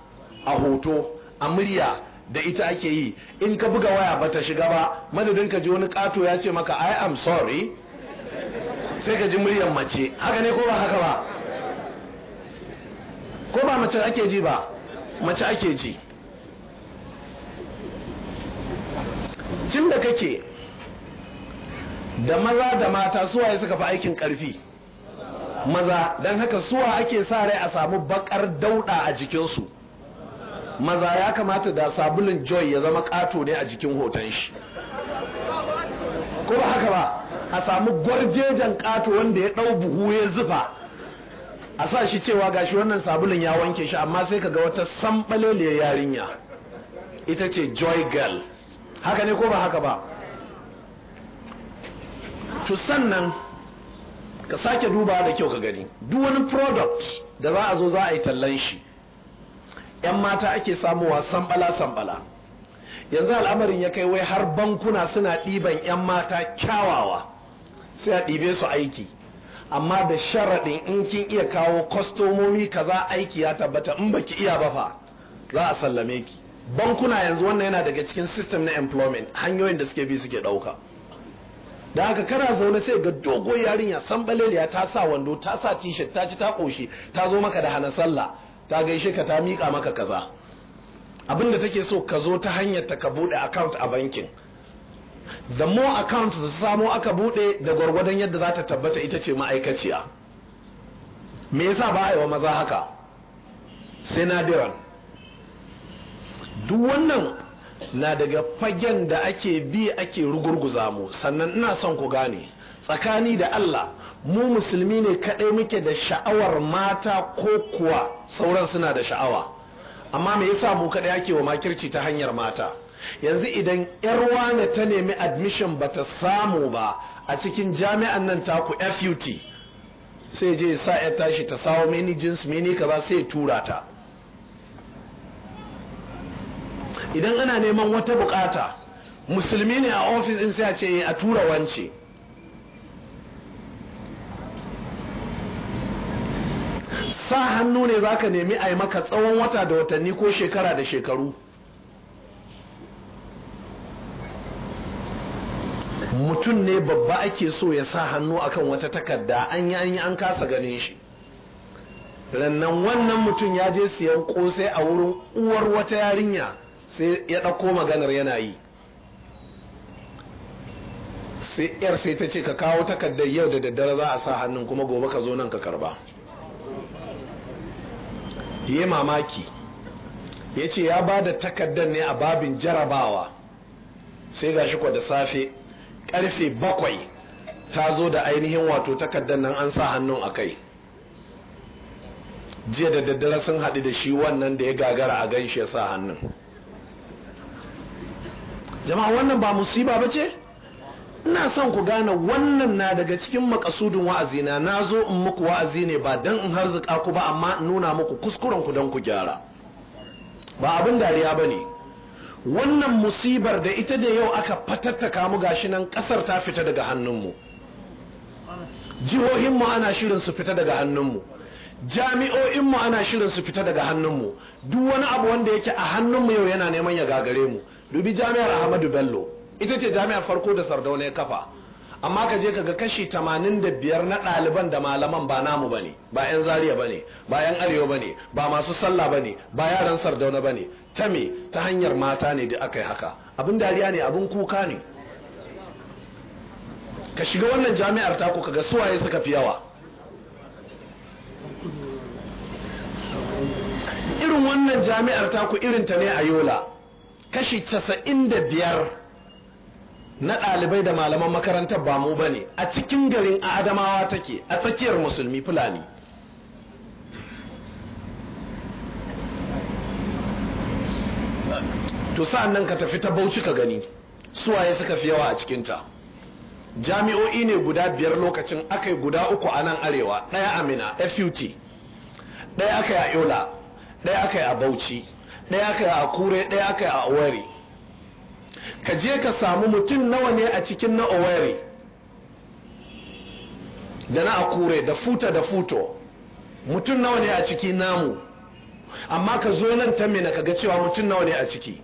a hoto a murya da ita ake yi in ka buga waya ba ta shiga ba madadin ka ji wani kato ya ce maka i am sorry sai ka ji muryar mace haka ne ko ba haka ba ko ba mace ake ji ba mace ake ji cin da kake da maza da mata ya suka fi aikin karfi maza don haka suwa ake sa rai a samu bakar dauda a jikinsu maza ya kamata da sabulun joy ya zama kato ne a jikin hoton shi ko haka ba a samu gwarjejen kato wanda ya ɗau buhu ya zufa a sa shi cewa gashi wannan sabulun ya wanke shi amma sai ka ga wata sambaleliyar yarinya ita ce joy girl haka ne ko ba haka ba to sannan ka sake duba da kyau ka gani duk wani product da za a zo za a yi tallan shi yan mata ake samuwa sambala sambala yanzu al'amarin ya kai wai har bankuna suna ɗiban yan mata kyawawa sai a ɗibe su aiki amma da sharaɗin in kin iya kawo kwastomomi kaza aiki ya tabbata in baki iya ba fa za a sallame ki bankuna yanzu wannan yana daga cikin system na employment hanyoyin da suke bi suke ɗauka da haka kana zaune sai ga dogo yarinya sambaleliya ta sa wando ta sa t ta ci ta ƙoshi ta zo maka da hana sallah ta gaishe ka ta miƙa maka kaza abinda take so ka zo ta hanyar ta ka buɗe account a bankin the more account da samo aka buɗe da gwargwadon yadda za ta tabbata ita ce ma'aikaciya me yasa ba a wa maza haka sai duk wannan na daga fagen da ake bi ake rugurguza mu sannan ina son ku gane tsakani da Allah mu musulmi ne kaɗai muke da sha'awar mata ko kuwa sauran suna da sha'awa amma me yasa mu kaɗai ake wa makirci ta hanyar mata yanzu idan yar wane ta nemi admission bata samu ba a cikin jami'an nan taku FUT sai je sa ya tashi ta sawo mini jins mini ba sai tura ta idan ana neman wata bukata musulmi ne a ofis din sai a ce a tura wance sa hannu ne za ka nemi a yi maka tsawon wata da watanni ko shekara da shekaru mutum ne babba ake so ya sa hannu akan wata takarda an yi an yi an kasa ganin shi rannan wannan mutum ya je siyan kosai a wurin uwar wata yarinya sai ya ɗauko maganar yana yi sai yar sai ta ce ka kawo takardar yau da daddare za a sa hannun kuma gobe ka zo nan ka karba ya mamaki ya ce ya ba da takardar ne a babin jarabawa sai ga shi da safe karfe bakwai ta zo da ainihin wato takardar nan an sa hannun a kai jiya da daddare sun haɗu da shi wannan da ya gagara a gan shi ya sa hannun jama'a wannan ba musiba ba ce? ina son ku gane wannan na daga cikin makasudin wa'azina na zo in muku wa'azi ne ba dan in harzuka ku ba amma in nuna muku kuskuren ku dan ku gyara ba abin dariya ba ne wannan musibar da ita da yau aka fatattaka mu gashi nan kasar ta fita daga hannunmu jihohinmu ana shirin su fita daga hannunmu jami'o'inmu ana shirin su fita daga hannunmu duk wani abu wanda yake a hannunmu yau yana neman ya gagare mu dubi jami'ar ahmadu bello ita ce jami'ar farko da sardauna ya kafa amma ka je kaga kashi 85 na ɗaliban da malaman ba namu bane ba yan zaria bane ba yan arewa bane ba masu sallah bane ba yaran sardauna bane ta me ta hanyar mata ne da aka yi haka abin dariya ne abin kuka ne ka shiga wannan jami'ar taku kaga suwaye suka fi yawa irin wannan jami'ar taku irinta ne a yola kashi 95 na ɗalibai da malaman makarantar ba mu ba ne a cikin garin a adamawa take a tsakiyar musulmi fulani to sa'an nan ka tafi ta bauchi ka gani suwaye suka fi yawa a cikinta jami'o'i ne guda biyar lokacin aka yi guda uku a nan arewa ɗaya amina fut ɗaya aka yi a yola ɗaya aka yi a bauchi ɗaya aka yi a kure ɗaya aka yi a wari ka je ka samu mutum nawa ne a cikin na Owerri da na akure da futa da futo mutum nawa ne a ciki namu amma ka zo nan ta mina ka ga cewa mutum nawa ne a ciki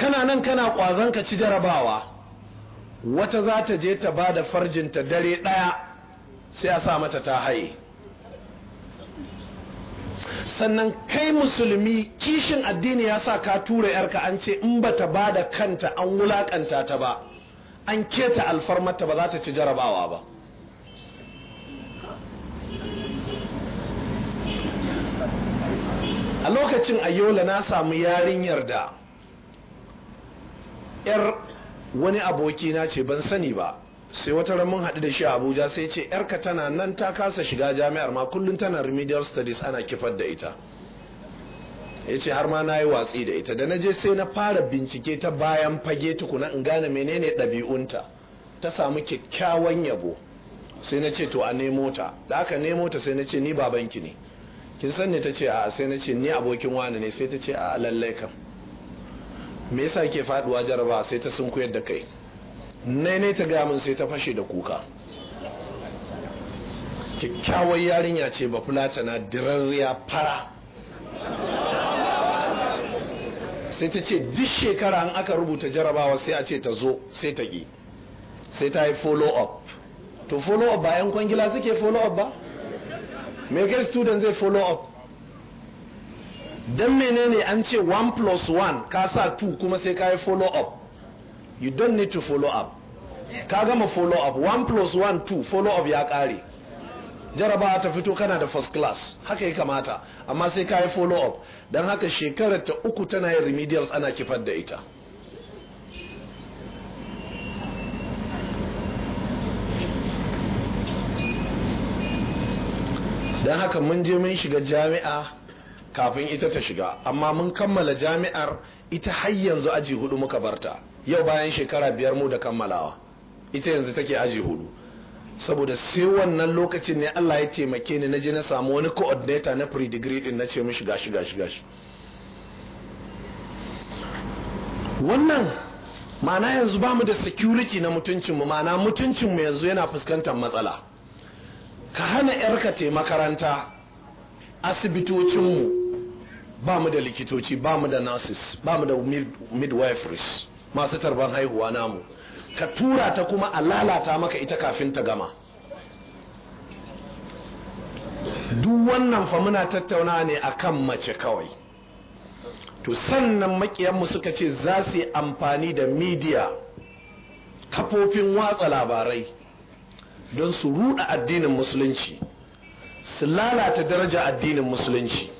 kana nan kana kwazon ka ci jarabawa wata za ta je ta ba da farjinta dare ɗaya sai a sa mata ta haye sannan kai musulmi kishin addini ya sa ka tura yarka an ce in bata ba da kanta an wulaƙanta ta ba an keta alfarmata ba za ta ci jarabawa ba a lokacin ayola na samu yarinyar da yar wani abokina ce ban sani ba sai wata ran mun haɗu da shi a abuja sai ce yarka tana nan ta kasa shiga jami'ar ma kullum tana remedial studies ana kifar da ita ya har ma na yi watsi da ita da na je sai na fara bincike ta bayan fage tukuna in gane menene ɗabi'unta ta samu kyakkyawan yabo sai na ce to a nemo ta da aka nemo ta sai na ce ni babanki ne kin san ne ta ce a sai na ce ni abokin wani ne sai ta ce a lallai kam me yasa ke faduwa jaraba sai ta sun koyar da kai nai ta gamin sai ta fashe da kuka kyakkyawar yarinya ce ba fulatana dirarriya fara sai ta ce duk shekara an aka rubuta jarabawa sai a ce ta zo sai ta ƙi sai ta yi follow up to follow up ba 'yan kwangila suke follow up ba me kai student zai follow up don menene an ce 1 plus 1 ka sa 2 kuma sai ka yi follow up you don't need to follow up ka gama follow up 1 plus 1 2 follow up ya kare jarabawa ta fito kana da first class haka ya kamata amma sai ka yi follow up don haka shekarar ta uku tana yin remedials ana kifar da ita don haka mun je mun shiga jami'a kafin ita ta shiga amma mun kammala jami'ar ita har yanzu aji hudu muka barta yau bayan shekara biyar mu da kammalawa ita yanzu take aji hudu saboda sai wannan lokacin ne Allah ya taimake ni na je na samu wani coordinator na pre degree din nace ce mishi gashi gashi gashi wannan ma'ana yanzu ba mu da security na mutuncin mu ma'ana mutuncin mu yanzu yana fuskantar matsala ka hana yarka te makaranta asibitocinmu ba mu da likitoci ba mu da nurses ba mu da midwifery. masu tarban haihuwa namu ka tura ta kuma a lalata maka ita kafin ta gama duk wannan fa muna tattauna ne a kan mace kawai to sannan makiyanmu suka ce za su yi amfani da midiya kafofin watsa labarai don su ruɗa addinin musulunci su lalata daraja addinin musulunci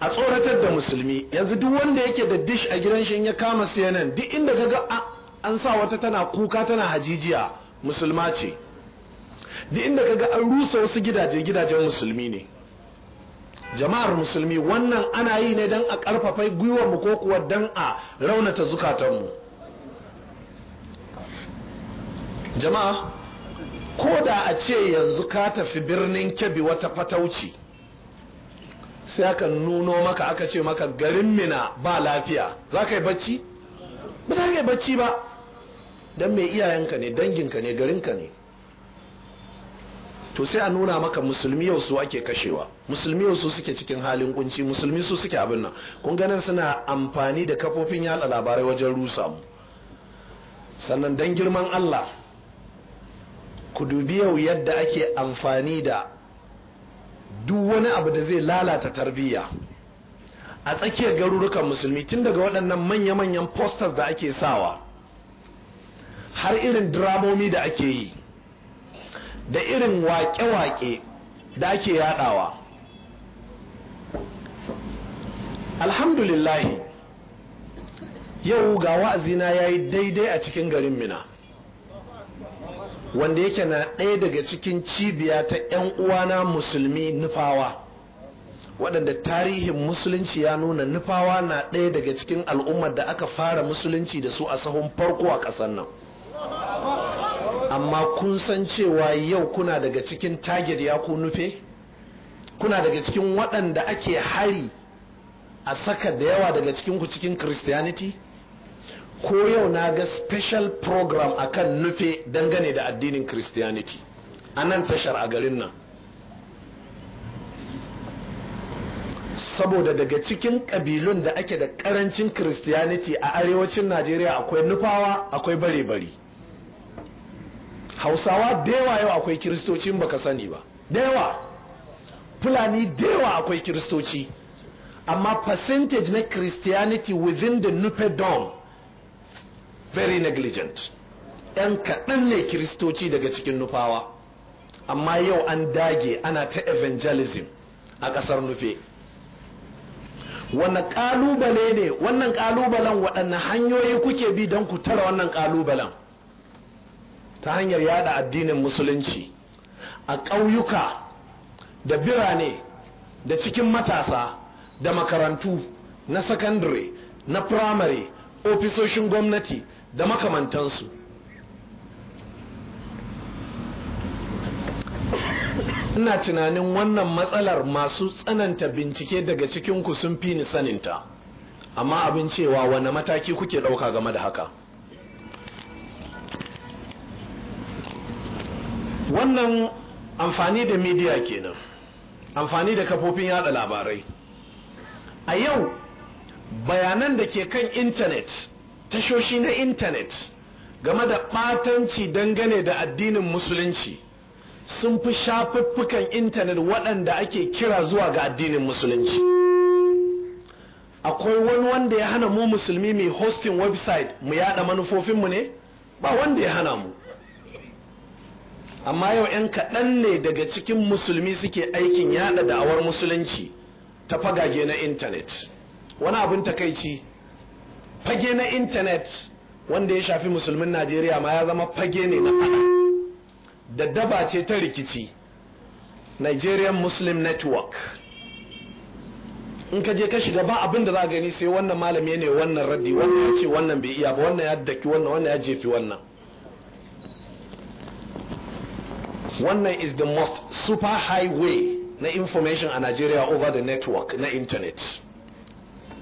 a tsoratar da musulmi yanzu duk wanda yake da dish a gidan shi ya kama CNN duk inda kaga an sa wata tana kuka tana hajijiya musulma ce duk inda kaga an rusa wasu gidaje gidajen musulmi ne jama'ar musulmi wannan ana yi ne don a karfafa gwiwar mu ko kuwa don a raunata zukatanmu jama'a ko da a ce yanzu ka tafi birnin kebi wata fatauci sai aka nuno maka aka ce maka garin mina ba lafiya za ka yi bacci ba za ka yi bacci ba don mai iyayenka ne danginka ne garinka ne to sai a nuna maka musulmi yau su ake kashewa musulmi yau su suke cikin halin kunci musulmi su suke abin nan kun ganin suna amfani da kafofin yada labarai wajen rusa mu sannan don girman allah ku dubi yau yadda ake amfani da wani abu da zai lalata tarbiyya a tsakiyar garurukan musulmi tun daga waɗannan manya-manyan posters da ake sawa har irin dramomi da ake yi da irin waƙe-waƙe da ake yaɗawa alhamdulillahi yau ga wa'azina ya yi daidai a cikin garin mina wanda yake na ɗaya daga cikin cibiya ta 'yan uwana musulmi nufawa waɗanda tarihin musulunci ya nuna nufawa na ɗaya daga cikin al'ummar da aka fara musulunci da su a sahun farko a ƙasar nan amma kun san cewa yau kuna daga cikin tagir ya ku nufe kuna daga cikin waɗanda ake hari a saka da yawa daga cikin cikin christianity ko yau na ga special program a kan nufe dangane da addinin christianity a nan tashar a garin nan saboda daga cikin ƙabilun da ake da ƙarancin christianity a arewacin najeriya akwai nufawa akwai bare-bare hausawa da yau akwai kiristocin baka sani ba da fulani da akwai kiristoci amma percentage na christianity within the nupe dome very negligent ‘yan kaɗan ne kiristoci daga cikin nufawa amma yau an dage ana ta evangelism a ƙasar nufe wannan ƙalubale ne wannan ƙalubalen waɗanne hanyoyi kuke bi don ku tara wannan ƙalubalen ta hanyar yada addinin musulunci a ƙauyuka da birane da cikin matasa da makarantu na sakandare na firamare ofisoshin gwamnati da makamantansu ina tunanin wannan matsalar masu tsananta bincike daga cikinku sun fi ni saninta amma abin cewa wane mataki kuke ɗauka game da haka wannan amfani da midiya kenan amfani da kafofin yada labarai a yau bayanan da ke kan intanet tashoshi na intanet game da ɓatanci dangane da addinin musulunci sun fi shafuffukan intanet waɗanda ake kira zuwa ga addinin musulunci akwai wani wanda ya hana mu musulmi mai hosting website mu yada manufofinmu ne ba wanda ya hana mu amma yau 'yan kaɗan ne daga cikin musulmi suke aikin yada da'awar musulunci ta fagage na intanet. wani abin takaici fage na intanet wanda ya shafi musulmin najeriya ma ya zama fage ne na fada da daba ce ta rikici nigerian muslim network in ka je ka shiga ba abin da za gani sai wannan malami ne wannan raddi wannan ya ce wannan bai iya ba wannan ya daki wannan wannan ya jefi wannan wannan is the most super highway na information a nigeria over the network na internet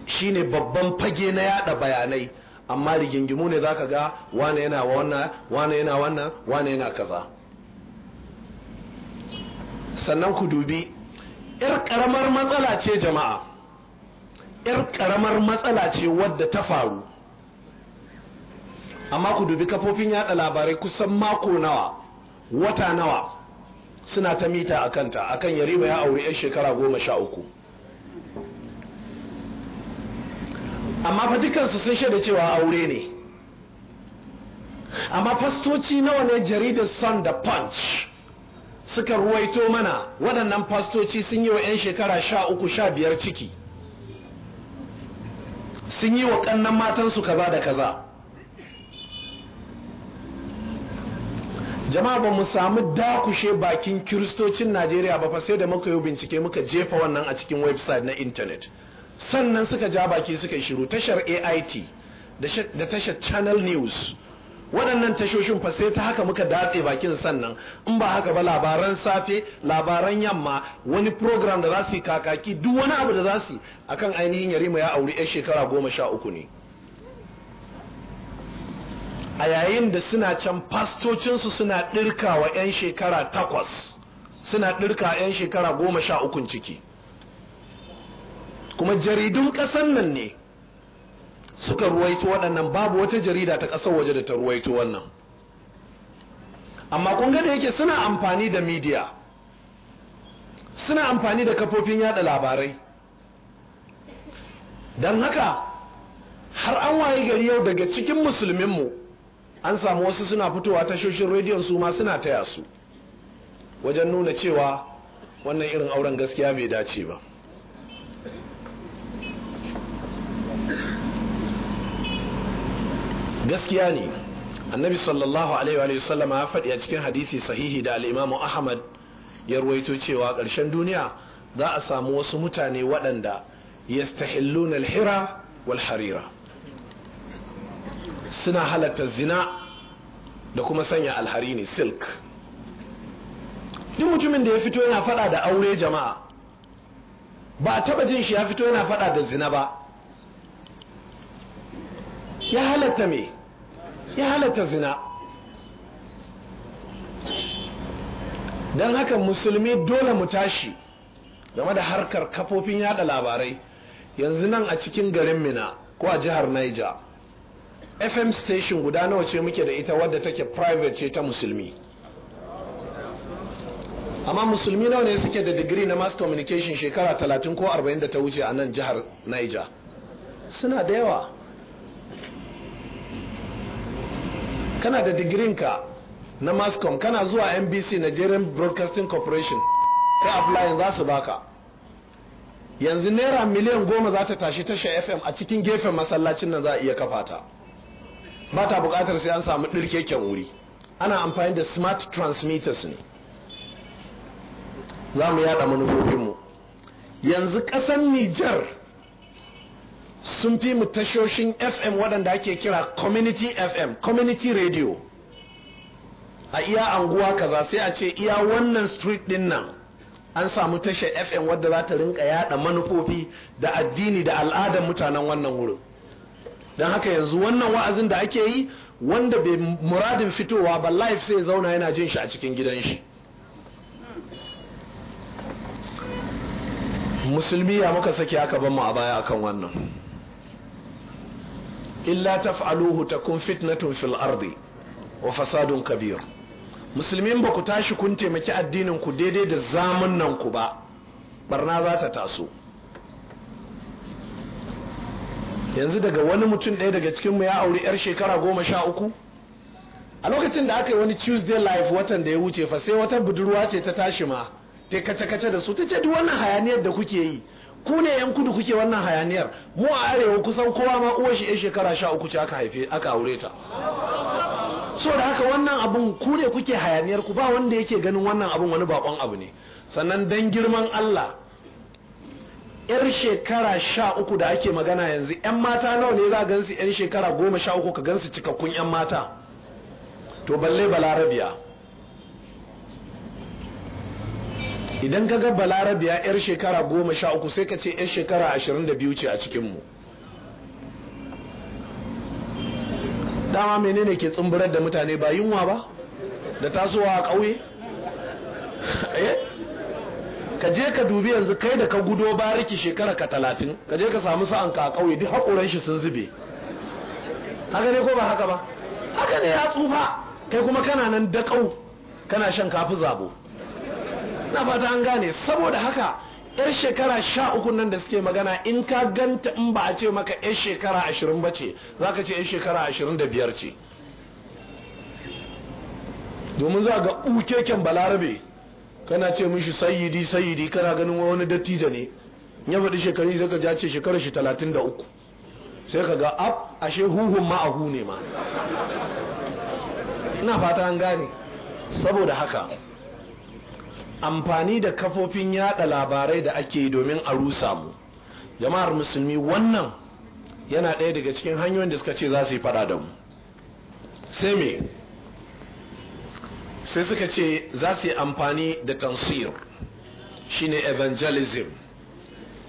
shine babban fage na yada bayanai amma rigingimu ne zaka ga wane yana wannan wane yana wannan wane yana kaza sannan ku dubi yar karamar matsala ce jama'a yar karamar matsala ce wadda ta faru amma ku dubi kafofin yada labarai kusan mako nawa wata nawa suna ta mita a kanta akan yariba ya aure 'yan shekara goma sha uku amma fa dukansu sun shaida cewa aure ne amma fastoci nawa ne jaridar sun da punch suka ruwaito mana waɗannan fastoci sun yi wa 'yan shekara sha uku sha biyar ciki sun yi wa ƙannan matansu kaza da kaza jama'a ba mu samu dakushe bakin kiristocin najeriya ba fa sai da muka yi bincike muka jefa wannan a cikin website na intanet sannan suka ja baki suka yi shiru tashar AIT da tashar Channel News waɗannan tashoshin fa sai ta haka muka datse bakin sannan in ba haka ba labaran safe labaran yamma wani program da za su yi kakaki duk wani abu da za su yi akan ainihin yarima ya auri 'yan shekara goma sha uku ne a yayin da suna can fastocinsu suna ɗirka wa 'yan shekara takwas suna ɗirka 'yan shekara goma sha ukun ciki kuma jaridun ƙasan nan ne suka ruwaito waɗannan babu wata jarida ta ƙasar waje da ta ruwaito wannan amma kun ga yake suna amfani da media suna amfani da kafofin yada labarai don haka har an waye gari yau daga cikin musulminmu an samu wasu suna fitowa tashoshin rediyon su ma suna taya su wajen nuna cewa wannan irin auren gaskiya bai dace ba gaskiya ne annabi sallallahu alaihi wa sallama ya faɗi a cikin hadisi sahihi da al'imamu ahmad ya ruwaito cewa ƙarshen duniya za a samu wasu mutane waɗanda yastahilluna alhira wal harira suna halatta zina da kuma sanya alhari ne silk duk mutumin da ya fito yana faɗa da aure jama'a ba a taɓa jin shi ya fito yana faɗa da zina ba ya halatta me ya halatta zina don haka musulmi dole mu tashi game da harkar kafofin yada labarai yanzu nan a cikin garin mina ko a jihar niger fm station guda nawa ce muke da ita wadda take private ce ta musulmi amma musulmi nawa ne suke da digiri na mass communication shekara 30 ko 40 da ta wuce a nan jihar niger suna da yawa kana da digirinka na mascom kana zuwa nbc nigerian broadcasting corporation ka apply za su baka yanzu naira miliyan goma za ta tashi tashar fm a cikin gefen masallacin nan za a iya kafa ta ba ta bukatar sai an samu ɗirkeken wuri ana amfani da smart transmitters ne za mu yada manufofinmu yanzu ƙasar niger sun fi mu tashoshin fm waɗanda ake kira community fm community radio a iya anguwa kaza sai a ce iya wannan street din nan an samu tashar fm wadda za ta rinka yada manufofi da addini da al'adar mutanen wannan wurin don haka yanzu wannan wa'azin da ake yi wanda bai muradin fitowa ba live sai zauna yana jin shi a cikin gidan shi musulmi ya muka sake aka ban mu a baya akan wannan illa taf'aluhu takun fitnatun fil ardi wa fasadun kabir musulmin ba ku tashi kun taimaki addinin ku daidai da zaman nan ku ba barna za ta taso yanzu daga wani mutum ɗaya daga cikin mu ya auri 'yar shekara goma sha uku a lokacin da aka yi wani tuesday live watan da ya wuce fa sai wata budurwa ce ta tashi ma ta kace-kace da su ta ce duk wannan hayaniyar da kuke yi ku ne yan kudu kuke wannan hayaniyar mu a arewa kusan kowa ma uwar shi shekara sha uku ce aka haife aka aure ta so da haka wannan abun ku ne kuke hayaniyar ku ba wanda yake ganin wannan abun wani bakon abu ne sannan dan girman Allah yar shekara sha uku da ake magana yanzu yan mata nawa ne za gansu yan shekara goma sha uku ka gansu cikakkun yan mata to balle balarabiya idan ka ga ya yar shekara goma sha uku sai ka ce yar shekara ashirin da biyu ce a cikinmu dama menene ke tsumburar da mutane ba yunwa ba da tasowa a ƙauye [laughs] eh? ka je ka dubi yanzu kai da ka gudo riki shekara ka talatin ka je ka samu sa'an ka a ƙauye duk haƙoran shi sun zube haka ne ko ba haka ba haka ne ya tsufa kai kuma kana nan daƙau kana shan kafi zabo na fata an gane saboda haka yar shekara sha uku nan da suke magana in ka ganta in ba a ce maka yar shekara ashirin ba ce za ka ce yar shekara ashirin da biyar ce domin za ga ukeken balarabe kana ce mishi sayidi sayidi kana ganin wani dattijo ne ya faɗi shekaru zai ka ja ce shekarar shi talatin da uku sai ka ga ab ashe huhun ma a hu ne ma ina fata an gane saboda haka amfani da kafofin yada labarai da ake yi domin a rusa mu jama'ar musulmi wannan yana ɗaya daga cikin hanyoyin da suka ce za su yi fada da mu sai me sai suka ce za su yi amfani da tansir shine evangelism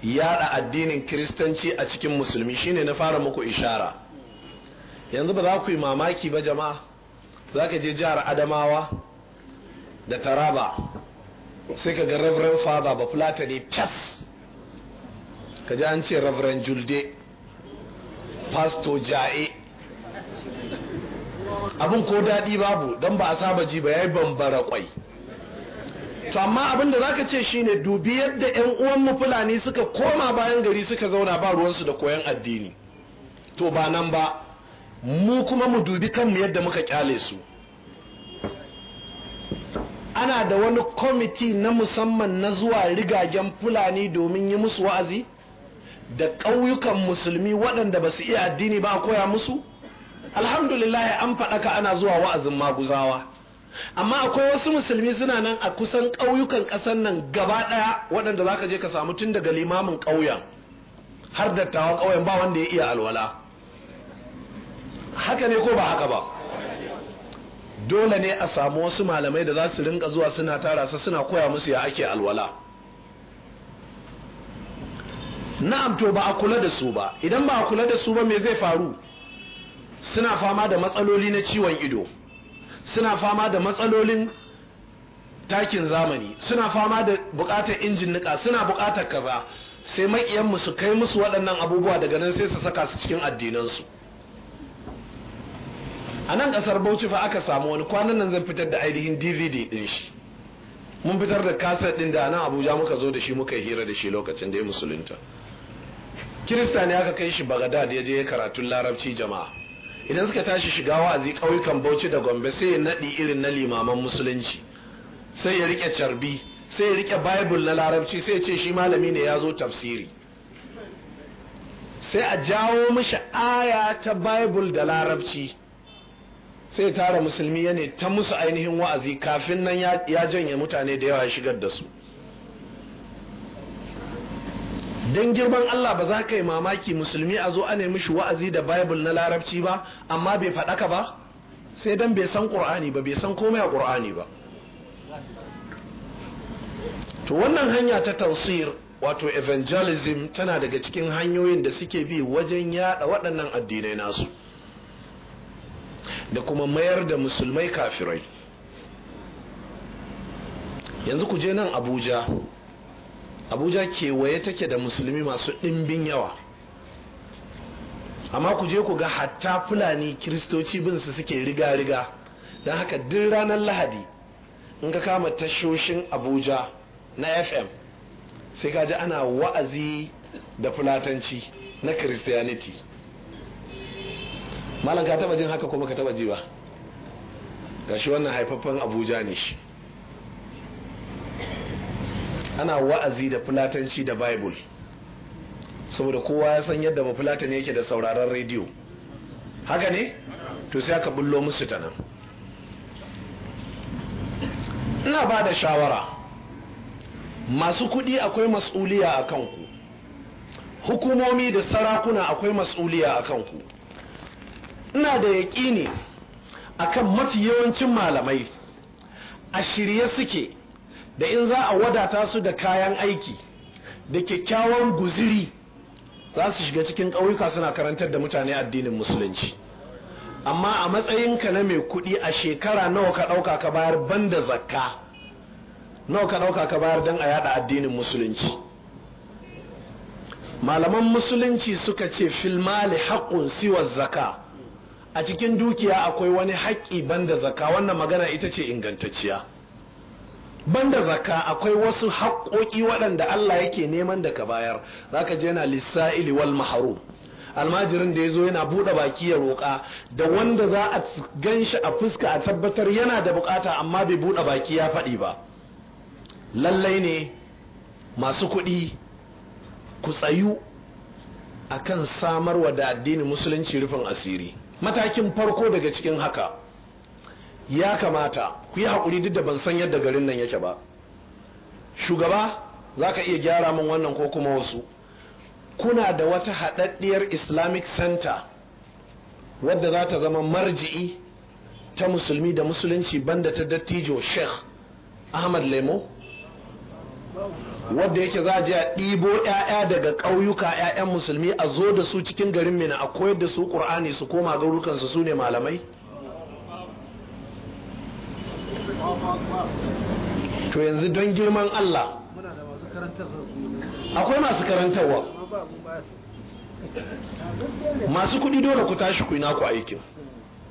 yada addinin kiristanci a cikin musulmi shine na fara muku ishara yanzu ba za ku yi mamaki ba jama'a za ka je jihar adamawa da taraba sai ka ga reverend father ba fulata ne fas ka ji an ce reverend julde pastor ja'e abin ko daɗi babu don ba a saba ji ba ya yi bambara kwai to amma abin da zaka ce shine dubi yadda yan uwan mu fulani suka koma bayan gari suka zauna ba ruwansu da koyan addini to ba nan ba mu kuma mu dubi kanmu yadda muka kyale su ana da wani kwamiti na musamman na zuwa rigagen fulani domin yi musu wa'azi da ƙauyukan musulmi waɗanda ba su iya addini ba a koya musu alhamdulillah an faɗaka ana zuwa wa'azin maguzawa amma akwai wasu musulmi suna nan a kusan ƙauyukan ƙasar nan gaba ɗaya waɗanda za ka je ka samu tun daga limamin ƙauyen har dattawan ƙauyen ba wanda ya iya alwala haka ne ko ba haka ba dole ne a samu wasu malamai da za su rinka zuwa suna tara su suna koya musu ya ake alwala na'am to ba a kula da su ba idan ba a kula da su ba me zai faru suna fama da matsaloli na ciwon ido suna fama da matsalolin takin zamani suna fama da bukatar injin nika suna bukatar kaza sai maƙiyanmu su kai musu waɗannan abubuwa daga nan sai su saka su cikin addinansu a nan kasar bauchi fa aka samu wani kwanan nan zan fitar da ainihin dvd din shi mun fitar da kaset din da nan abuja muka zo da shi muka yi hira da shi lokacin da ya musulunta kirista ne aka kai shi bagadad ya je karatun larabci jama'a idan suka tashi shiga wa'azi ƙauyukan bauchi da gombe sai ya naɗi irin na limaman musulunci sai ya rike carbi sai ya rike bible na larabci sai ya ce shi malami ne ya zo tafsiri sai a jawo mishi aya ta bible da larabci sai tara musulmi ya ne ta musu ainihin wa'azi kafin nan ya janye mutane da yawa ya shigar da su don girman Allah ba za ka yi mamaki musulmi a zo ana mishi wa'azi da bible na larabci ba amma bai faɗaka ba sai don bai san ƙur'ani ba bai san komai a ƙur'ani ba to wannan hanya ta tausir wato evangelism tana daga cikin hanyoyin da suke bi wajen yada waɗannan addinai nasu da kuma mayar da musulmai kafirai yanzu ku je nan abuja abuja kewaye take da musulmi masu ɗimbin yawa amma ku je ku ga hatta fulani kiristoci bin su suke riga-riga don haka duk ranar lahadi in ka kama tashoshin abuja na fm sai ka ji ana wa'azi da fulatanci na christianity malam ka taba jin haka kuma ka taba ji ba gashi wannan haifaffen abuja ne shi ana wa'azi da fulatanci da bible saboda kowa ya san yadda ba fulatani yake da sauraron rediyo haka ne to sai aka bullo musu ta nan ina ba da shawara masu kudi akwai mas'uliya a kanku hukumomi da sarakuna akwai mas'uliya a kanku ina da yaƙini kan mafi yawancin malamai a shirye suke da in za a wadata su da kayan aiki da kyakkyawan guziri za su shiga cikin ƙauyuka suna karantar da mutane addinin musulunci amma a matsayinka na mai kuɗi a shekara nawa ka ɗauka ka bayar banda zakka nawa ka ɗauka ka bayar don a yada addinin musulunci malaman musulunci suka ce filmali haƙƙun siwa zakka a cikin dukiya akwai wani haƙƙi banda zaka wannan magana ita ce ingantacciya banda zaka akwai wasu haƙƙoƙi waɗanda Allah yake neman da ka bayar zaka je na lissa wal maharu. almajirin da ya zo yana buɗe baki ya roƙa da wanda za a gan a fuska a tabbatar yana da buƙata amma bai buɗe baki ya faɗi ba lallai ne masu kuɗi ku tsayu akan samarwa da addinin musulunci rufin asiri matakin farko daga cikin haka ya kamata ku yi haƙuri duk da ban san yadda garin nan yake ba shugaba za ka iya gyara min wannan ko kuma wasu kuna da wata haɗaɗɗiyar islamic center wadda za ta zama marji'i ta musulmi da musulunci banda ta dattijo sheikh ahmad lemo wadda yake za a je a ɗibo 'ya'ya daga ƙauyuka 'ya'yan musulmi a zo da su cikin garin mina a koyar da su ƙur'ani su koma garurukansu su ne malamai to yanzu don girman Allah akwai masu karantarwa masu kuɗi dole ku tashi ku ina ku aikin